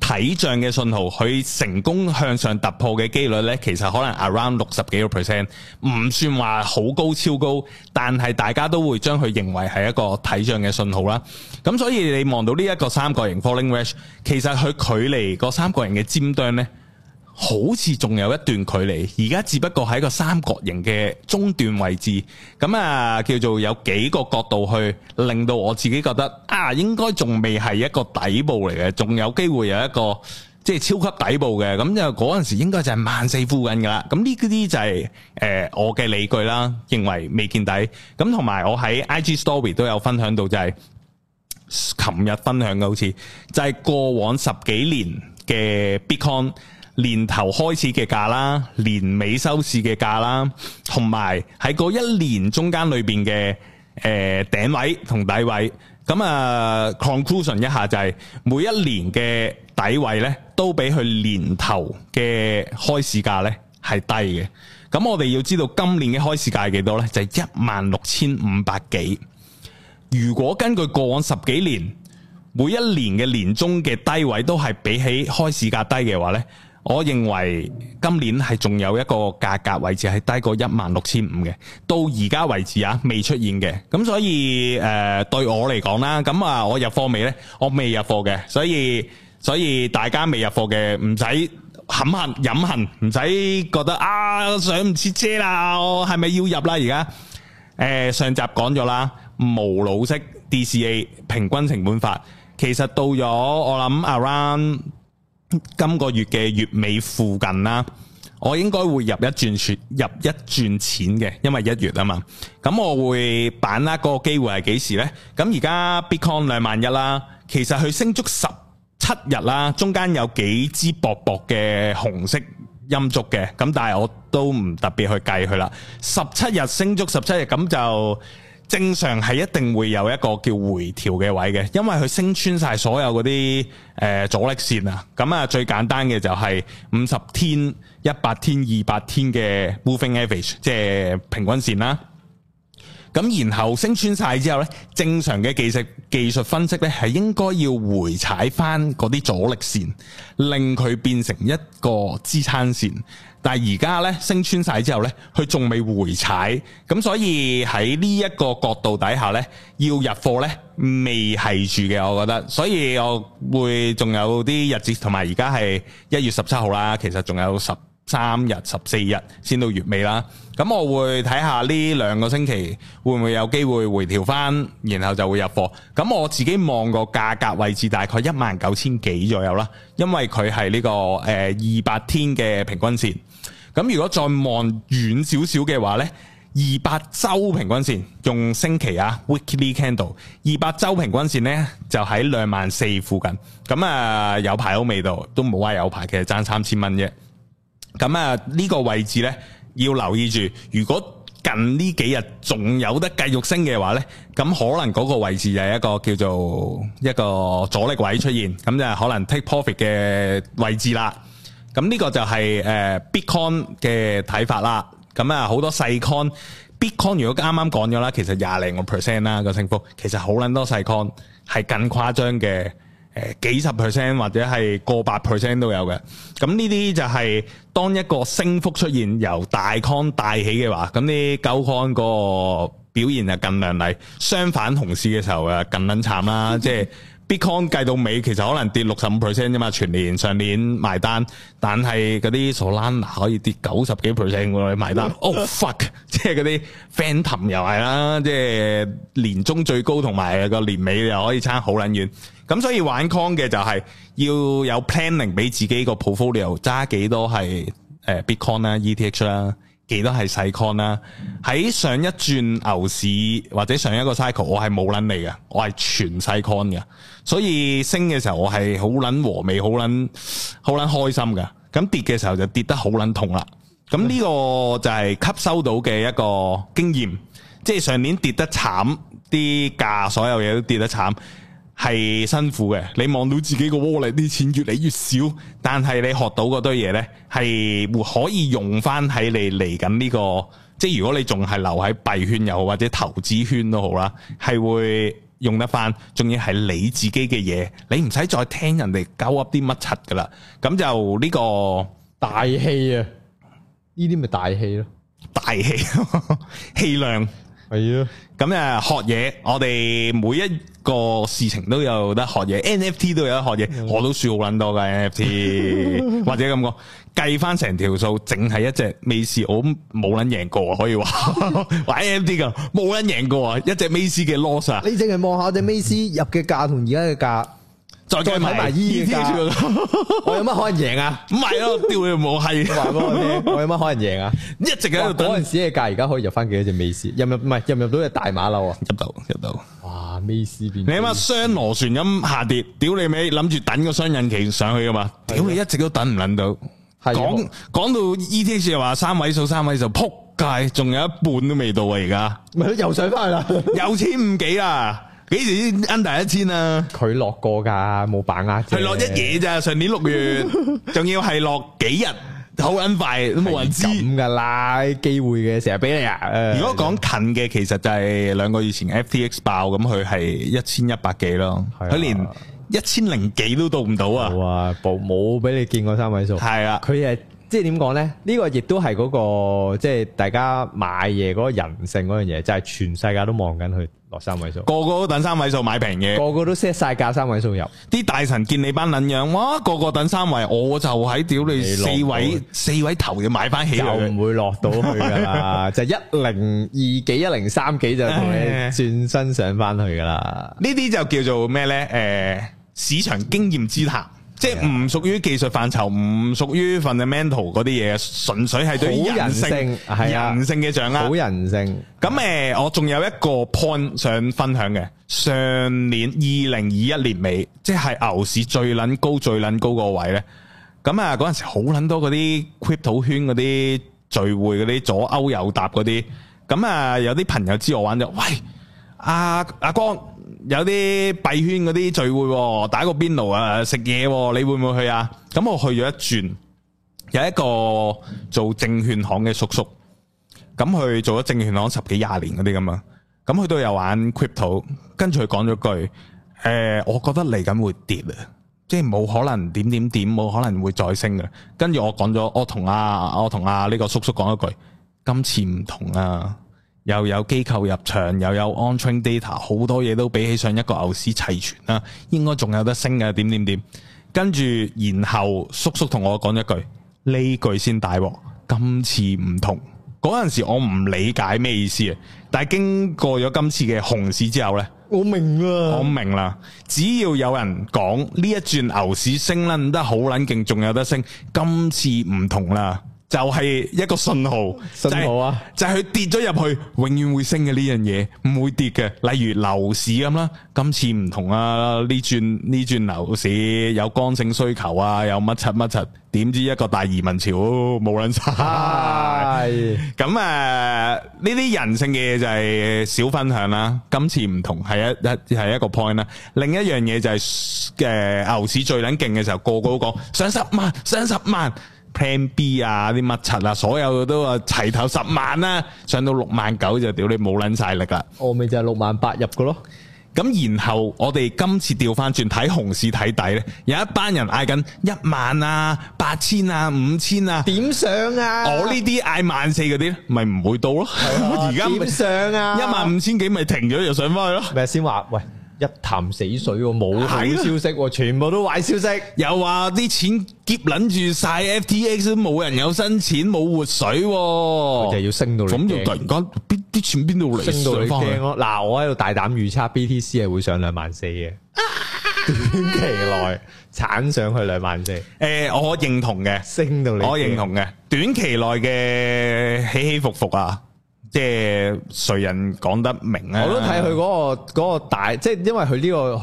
體狀嘅信號，佢成功向上突破嘅機率呢，其實可能 around 六十幾個 percent，唔算話好高超高，但係大家都會將佢認為係一個睇漲嘅信號啦。咁所以你望到呢一個三角形 falling wedge，其實佢距離個三角形嘅尖端呢。好似仲有一段距離，而家只不過喺個三角形嘅中段位置，咁啊叫做有幾個角度去令到我自己覺得啊，應該仲未係一個底部嚟嘅，仲有機會有一個即係超級底部嘅，咁就嗰陣時應該就係萬四附近噶啦。咁呢嗰啲就係誒我嘅理據啦，認為未見底。咁同埋我喺 IG Story 都有分享到，就係琴日分享嘅，好似就係過往十幾年嘅 Bitcoin。年頭開始嘅價啦，年尾收市嘅價啦，同埋喺嗰一年中間裏邊嘅誒頂位同底位，咁啊 conclusion 一下就係每一年嘅底位呢，都比佢年頭嘅開市價呢係低嘅。咁我哋要知道今年嘅開市價係幾多呢？就係一萬六千五百幾。如果根據過往十幾年每一年嘅年中嘅低位都係比起開市價低嘅話呢。我認為今年係仲有一個價格位置係低過一萬六千五嘅，到而家為止啊未出現嘅。咁所以誒對我嚟講啦，咁啊我入貨未呢？我未入貨嘅，所以所以大家未入貨嘅唔使冚恨飲恨，唔使覺得啊上唔切車啦，我係咪要入啦？而家誒上集講咗啦，無腦式 DCA 平均成本法，其實到咗我諗 around。今個月嘅月尾附近啦，我應該會入一轉錢，入一轉錢嘅，因為一月啊嘛。咁我會把握，嗰個機會係幾時呢？咁而家 Bitcoin 兩萬一啦，其實佢升足十七日啦，中間有幾支薄薄嘅紅色陰燭嘅，咁但係我都唔特別去計佢啦。十七日升足十七日，咁就。正常係一定會有一個叫回調嘅位嘅，因為佢升穿晒所有嗰啲誒阻力線啊。咁啊，最簡單嘅就係五十天、一百天、二百天嘅 moving average，即係平均線啦。咁然後升穿晒之後呢，正常嘅技術技術分析呢，係應該要回踩返嗰啲阻力線，令佢變成一個支撐線。但係而家呢，升穿晒之後呢，佢仲未回踩，咁所以喺呢一個角度底下呢，要入貨呢，未係住嘅，我覺得。所以我會仲有啲日子，同埋而家係一月十七號啦，其實仲有十三日、十四日先到月尾啦。咁我會睇下呢兩個星期會唔會有機會回調翻，然後就會入貨。咁我自己望個價格位置大概一萬九千幾左右啦，因為佢係呢個誒二百天嘅平均線。咁如果再望遠少少嘅話呢，二百周平均線，用星期啊 weekly candle，二百周平均線呢就喺兩萬四附近。咁啊、呃、有排好味道，都冇話有排，其實爭三千蚊啫。咁啊呢個位置呢。要留意住，如果近呢幾日仲有得繼續升嘅話呢，咁可能嗰個位置就係一個叫做一個阻力位出現，咁就係可能 take profit 嘅位置啦。咁呢個就係、是、誒、呃、Bitcoin 嘅睇法啦。咁啊好多細 coin Bitcoin，如果啱啱講咗啦，其實廿零個 percent 啦個升幅，其實好撚多細 coin 係更誇張嘅。誒、呃、幾十 percent 或者係過百 percent 都有嘅，咁呢啲就係當一個升幅出現由大康帶起嘅話，咁啲舊康個表現就更靚麗；相反同時嘅時候誒，更撚慘啦！即係 Bitcoin 計到尾其實可能跌六十五 percent 啫嘛，全年上年埋單，但係嗰啲 Solana 可以跌九十幾 percent 埋單。哦 fuck！即係嗰啲 Fantom 又係啦，即係年中最高同埋個年尾又可以差好撚遠。咁所以玩 Coin 嘅就係要有 planning，俾自己個 portfolio 揸幾多係誒 Bitcoin 啦、ETH 啦，幾多係細 Coin 啦。喺上一轉牛市或者上一個 cycle，我係冇撚理嘅，我係全細 Coin 嘅。所以升嘅時候我係好撚和味，好撚好撚開心噶。咁跌嘅時候就跌得好撚痛啦。咁呢個就係吸收到嘅一個經驗，即係上年跌得慘，啲價所有嘢都跌得慘。係辛苦嘅，你望到自己個窩裏啲錢越嚟越少，但係你學到嗰堆嘢呢，係會可以用翻喺你嚟緊呢個，即係如果你仲係留喺幣圈又好，或者投資圈都好啦，係會用得翻，仲要係你自己嘅嘢，你唔使再聽人哋鳩噏啲乜七噶啦，咁就呢個大氣啊！呢啲咪大氣咯，大氣氣氣 量係啊，咁啊的學嘢，我哋每一。個事情都有得學嘢，NFT 都有得學嘢，我都算好撚多嘅 NFT， 或者咁講，計翻成條數，淨係一隻 Mavis 我冇撚贏過啊，可以話話 NFT 噶冇撚贏過啊，一隻 Mavis 嘅 loss 啊， 你淨係望下隻看看 Mavis 入嘅價同而家嘅價。再計埋 E T H 我有乜可能贏啊？唔係咯，屌你冇係，我有乜可能贏啊？一直喺度等嗰陣時嘅價，而家可以入翻幾多隻美斯？入唔入唔係入唔入到隻大馬騮啊？入到入到，哇！美斯變你阿媽雙螺旋咁下跌，屌你尾諗住等個雙引擎上去噶嘛？屌你一直都等唔捻到。講講到 E T H 又話三位數三位數，撲街，仲有一半都未到啊！而家咪游水翻去啦，有千唔幾啊。幾時 under 一千啊？佢落過噶，冇把握。佢落一嘢咋？上年六月，仲要係落幾日，好撚快都冇人知噶啦，機會嘅成日俾你啊！如果講近嘅，其實就係兩個月前 FTX 爆，咁佢係一千一百幾咯，佢連一千零幾都到唔到啊！冇啊，冇俾你見過三位數。係啊，佢係。即係點講咧？呢個亦都係嗰個即係大家買嘢嗰個人性嗰樣嘢，就係全世界都望緊佢落三位數，個個都等三位數買平嘢，個個都 set 晒價三位數入。啲大臣見你班撚樣，哇！個個等三位，我就喺屌你四位，四位頭要買翻起，又唔會落到去噶啦。就一零二幾，一零三幾就同你轉身上翻去噶啦。呢啲就叫做咩咧？誒，市場經驗之談。即係唔屬於技術範疇，唔屬於 fundamental 嗰啲嘢，純粹係對人性、人性嘅掌握。好人性。咁誒，我仲有一個 point 想分享嘅，上年二零二一年尾，即係牛市最撚高，最高、最撚高個位咧。咁啊，嗰陣時好撚多嗰啲 crypto 圈嗰啲聚會嗰啲左勾右搭嗰啲，咁啊，有啲朋友知我玩咗，喂，阿、啊、阿、啊、光。有啲幣圈嗰啲聚會、哦，打個邊爐啊，食嘢、啊，你會唔會去啊？咁我去咗一轉，有一個做證券行嘅叔叔，咁佢做咗證券行十幾廿年嗰啲咁啊，咁佢都有玩 crypto，跟住佢講咗句：誒、呃，我覺得嚟緊會跌啊，即係冇可能點點點，冇可能會再升㗎。跟住我講咗，我同阿、啊、我同阿呢個叔叔講一句，今次唔同啊。又有機構入場，又有 on train data，好多嘢都比起上一個牛市齊全啦、啊，應該仲有得升嘅、啊，點點點。跟住，然後叔叔同我講一句，呢句先大鑊。今次唔同，嗰陣時我唔理解咩意思，但係經過咗今次嘅熊市之後呢，我明啦，我明啦。只要有人講呢一轉牛市升啦，得好撚勁，仲有得升，今次唔同啦。就係一個信號，信號啊！就係跌咗入去，永遠會升嘅呢樣嘢，唔會跌嘅。例如樓市咁啦，今次唔同啊！呢轉呢轉樓市有剛性需求啊，有乜七乜七，點知一個大移民潮，冇卵查。咁誒、哎，呢啲、啊、人性嘅嘢就係少分享啦、啊。今次唔同，係一係一個 point 啦、啊。另一樣嘢就係、是、誒、呃，牛市最捻勁嘅時候，個個都講上十萬，上十萬。Plan B 啊，啲乜柒啊，所有都啊齊頭十萬啦，上到六萬九就屌你冇捻晒力啦！我咪就六萬八入嘅咯。咁然後我哋今次調翻轉睇熊市睇底咧，有一班人嗌緊一萬啊、八千啊、五千啊，點上啊？我呢啲嗌萬四嗰啲咪唔會到咯。而家點上啊？一萬五千幾咪停咗就上翻去咯。咪先話喂？一潭死水，冇好消息，全部都壞消息。又話啲錢拮捻住晒，FTX 都冇人有新錢，冇活水。就要升到你，咁就突然間邊啲錢邊度嚟？升到你驚咯。嗱，我喺度大膽預測 BTC 係會上兩萬四嘅，短期內鏟上去兩萬四。誒，我認同嘅，升到你，我認同嘅，短期內嘅起起伏伏啊。即係誰人講得明啊？我都睇佢嗰個、嗰個大，即係因為佢呢、呢個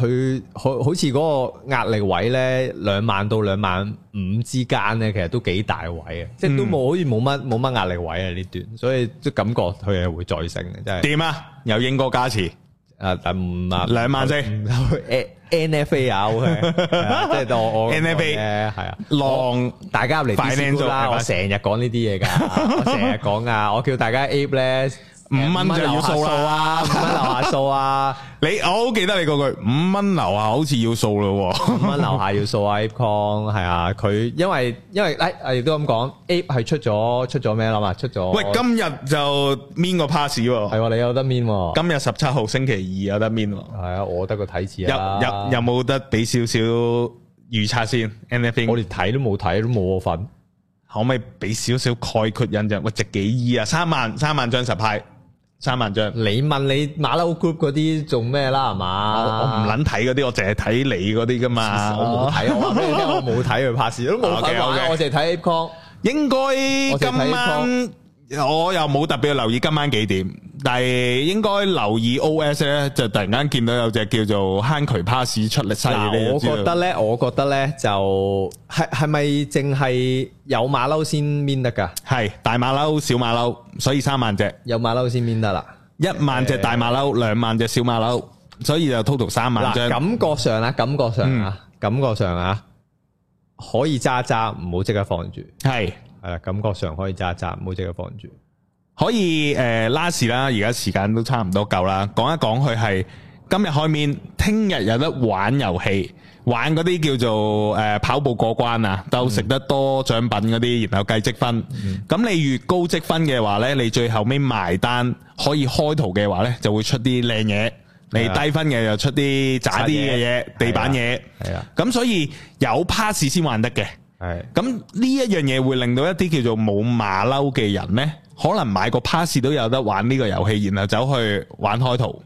佢佢好似嗰個壓力位咧，兩萬到兩萬五之間咧，其實都幾大位嘅，嗯、即係都冇好似冇乜冇乜壓力位啊呢段，所以都感覺佢係會再升嘅。點啊？有鷹哥加持、嗯、啊？兩萬兩萬四。NFA 啊，OK，即係當我 NFA 係啊，浪大家入嚟快啲啦！ 我成日講呢啲嘢噶，成日講啊，我叫大家 Ape 咧。五蚊就要數啊，五蚊樓下數啊！你我好記得你嗰句，五蚊樓下好似要數咯，五蚊樓下要數啊！Appcon 係啊，佢因為因為誒，亦都咁講，Ape 係出咗出咗咩啦嘛？出咗喂，今日就 mint 個 pass 喎，係你有得 mint？今日十七號星期二有得 mint？係啊，我得個睇字啊！有有有冇得俾少少預測先？Anything？我連睇都冇睇，都冇我份，可唔可以俾少少概括印象？喂，值幾億啊？三萬三萬張十派。三萬張，你問你馬騮 group 嗰啲做咩啦，係、啊、嘛？啊、我唔捻睇嗰啲，我淨係睇你嗰啲噶嘛。我冇睇，我冇睇佢拍事，都冇睇。我淨係睇 icon。 應該今晚 我又冇特別留意今晚幾點。但係應該留意 OS 咧，就突然間見到有隻叫做坑渠 pass 出嚟，嗱的，我覺得咧，我覺得咧就係係咪淨係有馬騮先 mint 得㗎？係大馬騮、小馬騮，所以三萬隻。有馬騮先 mint 得啦，一萬隻大馬騮，兩萬隻小馬騮，所以就 total 三萬隻。感覺上啦，感覺上啊，感覺上啊，嗯、上啊可以揸揸，唔好即刻放住。係係啦，感覺上可以揸揸，唔好即刻放住。可以誒，last 啦，而家時間都差唔多夠啦。講一講佢係今日開面，聽日有得玩遊戲，玩嗰啲叫做誒跑步過關啊，鬥食得多獎品嗰啲，然後計積分。咁你越高積分嘅話呢，你最後尾埋單可以開圖嘅話呢，就會出啲靚嘢。你低分嘅就出啲渣啲嘅嘢，地板嘢。係啊，咁所以有 pass 先玩得嘅。係咁，呢一樣嘢會令到一啲叫做冇馬騮嘅人呢，可能買個 pass 都有得玩呢個遊戲，然後走去玩開圖。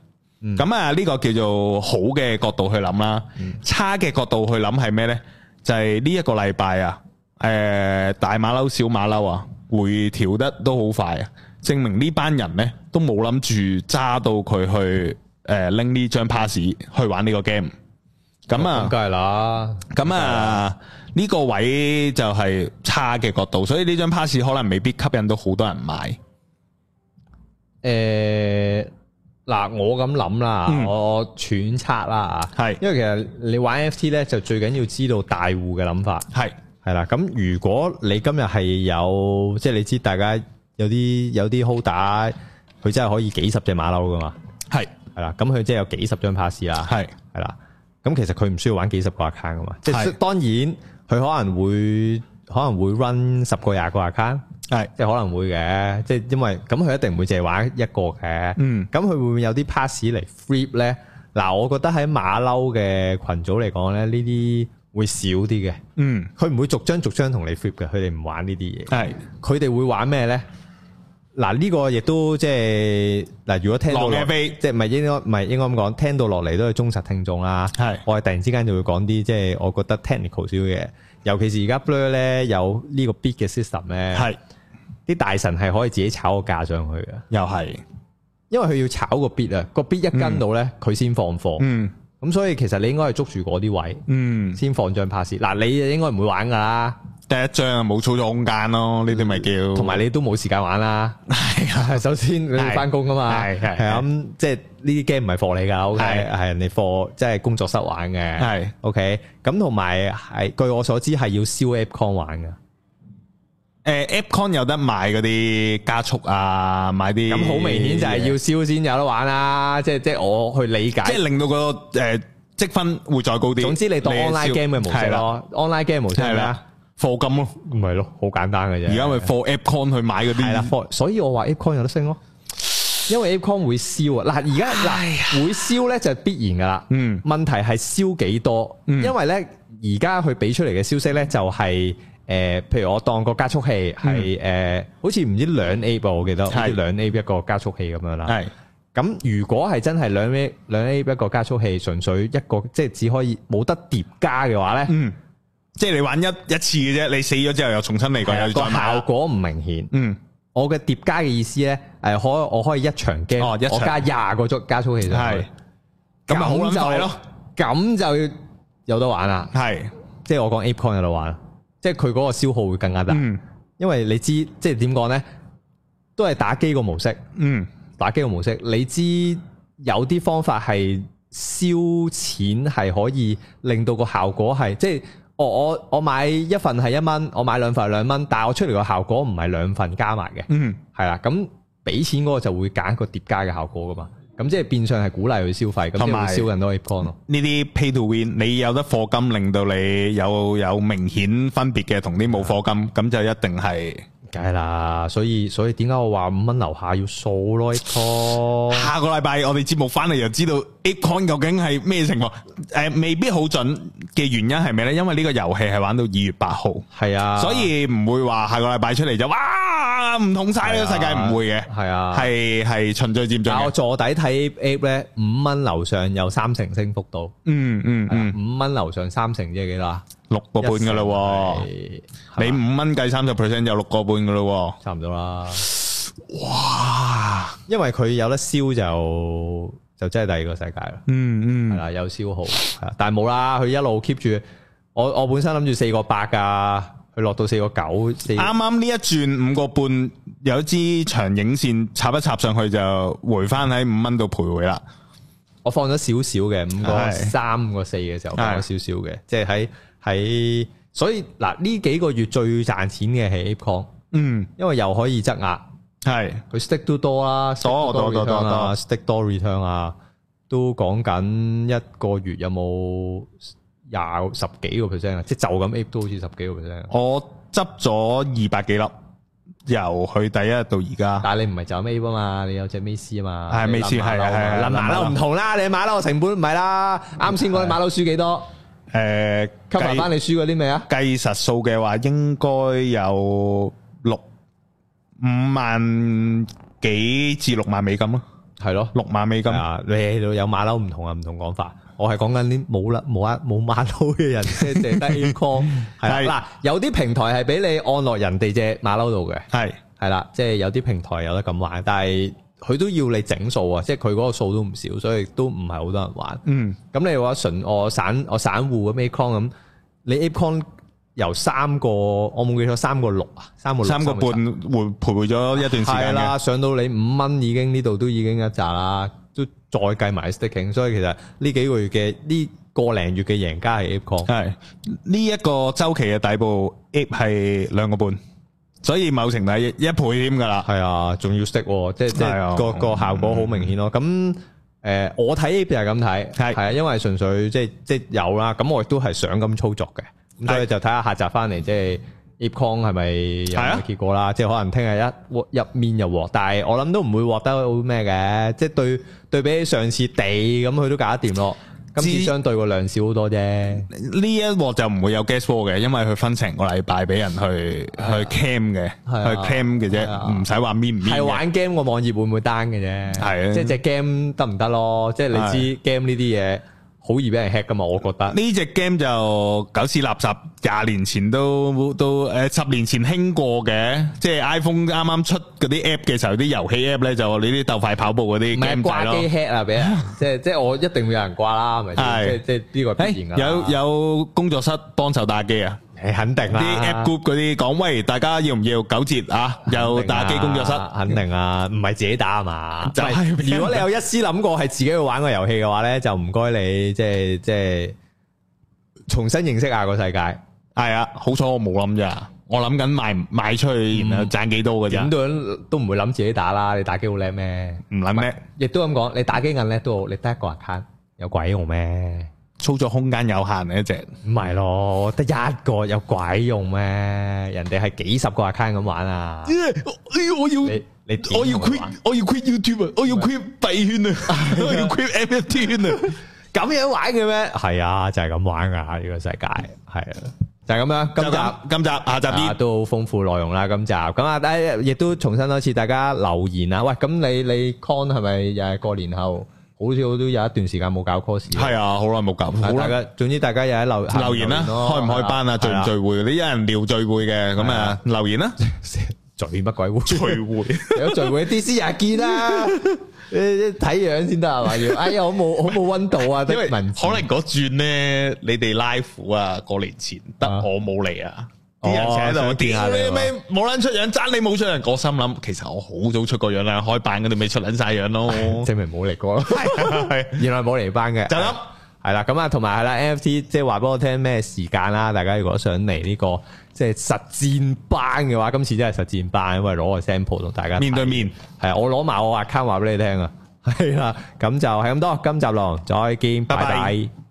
咁啊呢個叫做好嘅角度去諗啦，嗯、差嘅角度去諗係咩呢？就係呢一個禮拜啊，誒、呃、大馬騮小馬騮啊，回調得都好快，啊，證明呢班人呢都冇諗住揸到佢去誒拎呢張 pass 去玩呢個 game。咁啊，梗係啦。咁啊，呢個位就係差嘅角度，所以呢張 pass 可能未必吸引到好多人買。誒，嗱，我咁諗啦，我揣測啦啊，係。因為其實你玩 FT 咧，就最緊要知道大戶嘅諗法。係係啦，咁如果你今日係有，即係你知，大家有啲有啲 holder，佢真係可以幾十隻馬騮噶嘛。係係啦，咁佢即係有幾十張 pass 啦。係係啦。咁其實佢唔需要玩幾十個 account 噶嘛，即係是當然佢可能會可能會 run 十個廿個 account，係即係可能會嘅，即係因為咁佢一定唔會淨係玩一個嘅，嗯，咁佢會唔會有啲 pass 嚟 flip 咧？嗱、啊，我覺得喺馬騮嘅群組嚟講咧，呢啲會少啲嘅。嗯，佢唔會逐張逐張同你 flip 嘅，佢哋唔玩呢啲嘢，係是，佢哋會玩咩咧？嗱，呢個亦都即係嗱，如果聽到即係唔係應該唔係應該咁講，聽到落嚟都係忠實聽眾啦。係是，我哋突然之間就會講啲即係我覺得 technical 少嘅，尤其是而家 Blur 咧有呢個 bid 嘅 system 咧是，係啲大神係可以自己炒個價上去嘅，又係是，因為佢要炒個 bid 啊，個 bid 一跟到咧佢先放貨。嗯。咁所以其實你應該係捉住嗰啲位，嗯，先放張拍攝。嗱，你應該唔會玩噶啦。第一張啊，冇操作空間咯，呢啲咪叫。同埋你都冇時間玩啦。係啊，首先你翻工㗎嘛。係係係，咁即係呢啲 game 唔係放你㗎，OK？係是人哋放即係工作室玩嘅。係是 OK。咁同埋係據我所知係要燒 AppCon 玩㗎。誒，AppCon 有得賣嗰啲加速啊，買啲咁好明顯就係要燒先有得玩啦，即係即係我去理解，即係令到個誒積分會再高啲。總之你當 online game 嘅模式咯，online game 模式啦，貨金咯，咪咯，好簡單嘅啫。而家咪貨 AppCon 去買嗰啲係啦，貨，所以我話 AppCon 有得升咯，因為 AppCon 會燒啊，嗱而家嗱會燒咧就必然噶啦。嗯，問題係燒幾多，因為咧而家佢俾出嚟嘅消息咧就係。誒，譬如我當個加速器係誒，好似唔知兩 A 部我記得，好似兩 A 一個加速器咁樣啦。係咁，如果係真係兩 A 兩 A 一個加速器，純粹一個即係只可以冇得疊加嘅話咧，嗯，即係你玩一一次嘅啫，你死咗之後又重新嚟過，個效果唔明顯。嗯，我嘅疊加嘅意思咧，誒，可我可以一場 game 一加廿個加速器啊，係咁咪好諗下咯，咁就要有得玩啦。係，即係我講 A coin 有得玩。即係佢嗰個消耗會更加大，因為你知即係點講呢？都係打機個模式，嗯、打機個模式，你知有啲方法係燒錢係可以令到個效果係，即係我我我買一份係一蚊，我買兩份係兩蚊，但係我出嚟個效果唔係兩份加埋嘅，係啦，嗯，咁俾錢嗰個就會揀個疊加嘅效果噶嘛。咁即係變相係鼓勵佢消費，咁即係燒緊多 ApeCoin 咯。呢啲 pay to win，你有得課金令到你有有明顯分別嘅同啲冇課金，咁就一定係梗係啦。所以所以點解我話五蚊樓下要掃咯 ApeCoin。下個禮拜我哋節目翻嚟就知道 ApeCoin 究竟係咩情況？誒，未必好準嘅原因係咩咧？因為呢個遊戲係玩到二月八號，係啊，所以唔會話下個禮拜出嚟就哇。啊，唔同晒，呢個世界唔會嘅。係啊，係係循序漸進。我坐底睇 Ape 咧，五蚊樓上有三成升幅度。嗯嗯，五蚊樓上三成即係幾多啊？六個半噶啦，你五蚊計三十 percent 有六個半噶啦，嗯嗯、差唔多啦。哇，因為佢有得燒就就真係第二個世界啦、嗯。嗯嗯，係啦，有消耗，但係冇啦，佢一路 keep 住。我我本身諗住四個八噶。佢落到四個九，啱啱，呢一轉五個半，有一支長影線插一插上去就回翻，喺五蚊度徘徊啦。我放咗少少嘅，五個三五個四嘅時候放咗少少嘅，即係喺喺，所以嗱呢幾個月最賺錢嘅係 ApeCoin，嗯，因為又可以質押，係佢 stick 都多啦，stick 多 return，啊，都講緊一個月有冇？で廿十幾個 percent 啊，即係就咁 Ape 都好似十幾個 percent。我執咗二百幾粒，由去第一日到而家。但係你唔係走 Ape 嘛，你有隻 MAYC 嘛。係 MAYC，係啊係。馬騮唔同啦，你馬騮成本唔係啦，啱先嗰啲馬騮輸幾多？誒，計埋翻你輸嗰啲未啊？計實數嘅話，應該有六五萬幾至六萬美金咯。係咯，六萬美金啊。你度有馬騮唔同啊，唔同講法。我係講緊啲冇啦冇啊冇馬騮嘅人，即係剩低 Acon 係，嗱有啲平台係俾你按落人哋隻馬騮度嘅，係係啦，即係、就是、有啲平台有得咁玩，但係佢都要你整數啊，即係佢嗰個數都唔少，所以都唔係好多人玩。嗯，咁、嗯、你話純我散我散戶嘅 Acon 咁，你 Acon 由三個我冇記錯三個六啊，三個六三個三個半換徘徊咗一段時間。係、嗯、啦，上到你五蚊已經呢度都已經一扎啦。再計埋 staking，所以其實呢幾個月嘅呢個零月嘅贏家係 Ape Coin，係呢一個週期嘅底部 Ape 係兩個半，所以某程度係一倍添㗎喇。係啊，仲要 stake，即係即係個個效果好明顯咯。咁誒，我睇 Ape 係咁睇，係啊，因為純粹即係即係有啦。咁我亦都係想咁操作嘅，咁所以就睇下下集返嚟即係。Apecoin 係咪有結果啦？即係可能聽日一入面又鑊，但係我諗都唔會鑊得好咩嘅。即係對對比起上次地咁，佢都搞得掂咯。今次相對個量少好多啫。呢一鑊就唔會有 gas war 嘅，因為佢分成個禮拜俾人去去 cam 嘅，去 cam 嘅啫，唔使話面唔面。係玩 game 個網頁會唔會 down 嘅啫？係啊，即係隻 game 得唔得咯？即係你知 game 呢啲嘢。好易俾人 hack 噶嘛？我覺得呢隻 game 就九屎垃圾，廿年前都都誒，十年前興過嘅，即係 iPhone 啱啱出嗰啲 app 嘅時候，啲遊戲 app 咧就你啲鬥快跑步嗰啲 game 咯。掛機 hack 啊，俾 人，即係即係我一定會有人掛啦，係咪、 就是？係即係呢個。誒、hey，有有工作室幫手打機啊？你肯定啦，啲 app group 嗰啲講，喂，大家要唔要九折啊？有打機工作室，肯定啊，唔係自己打啊嘛？就係如果你有一絲諗過係自己去玩個遊戲嘅話咧，就唔該你即係即係重新認識下個世界。係啊，好彩我冇諗咋，我諗緊賣賣出去然後賺幾多嘅咋。咁都都唔會諗自己打啦，你打機好叻咩？唔諗咩，亦都咁講，你打機咁叻都好，你得一個 account 有鬼用咩？操作空間有限啊！只唔係咯，得一個有鬼用咩？人哋係幾十個 account 咁玩啊！哎呀，我要，我要 quit，我要 quit YouTube，我要 quit 幣圈啊，我要 quit NFT 圈啊！咁樣玩嘅咩？係啊，就係咁玩㗎嚇！呢個世界係啊，就係咁樣。今集今集下集都好豐富內容啦。今集咁啊，亦都重申多次，大家留言啊！喂，咁你你 con 係咪又係過年後？好似我都有一段時間冇搞 course。係啊，好耐冇搞。大家總之大家又喺留留言啦，開唔開班啊？聚唔聚會？你有人聊聚會嘅咁啊？留言啦，聚乜鬼會？聚會有聚會 DC 啊見啦，睇樣先得啊嘛！要哎呀，我冇我冇 window 啊，因為可能嗰轉咧，你哋拉苦啊，過年前得我冇嚟啊。啲人喺度見下你，冇捻出樣，爭你冇出樣，我心諗，其實我好早出過樣啦，開班嗰啲未出捻晒樣咯，哎，證明冇嚟過，係 原來冇嚟班嘅，就咁係啦，咁啊，哎，同埋係啦，NFT 即係話俾我聽咩時間啦，大家如果想嚟呢，呢個即係實戰班嘅話，今次真係實戰班，因為，攞個 sample 同大家面對面，係、哎、我攞埋我 account 話俾你聽啊，係、哎、啦，咁就係咁多，今集咯，再見，拜拜。拜拜。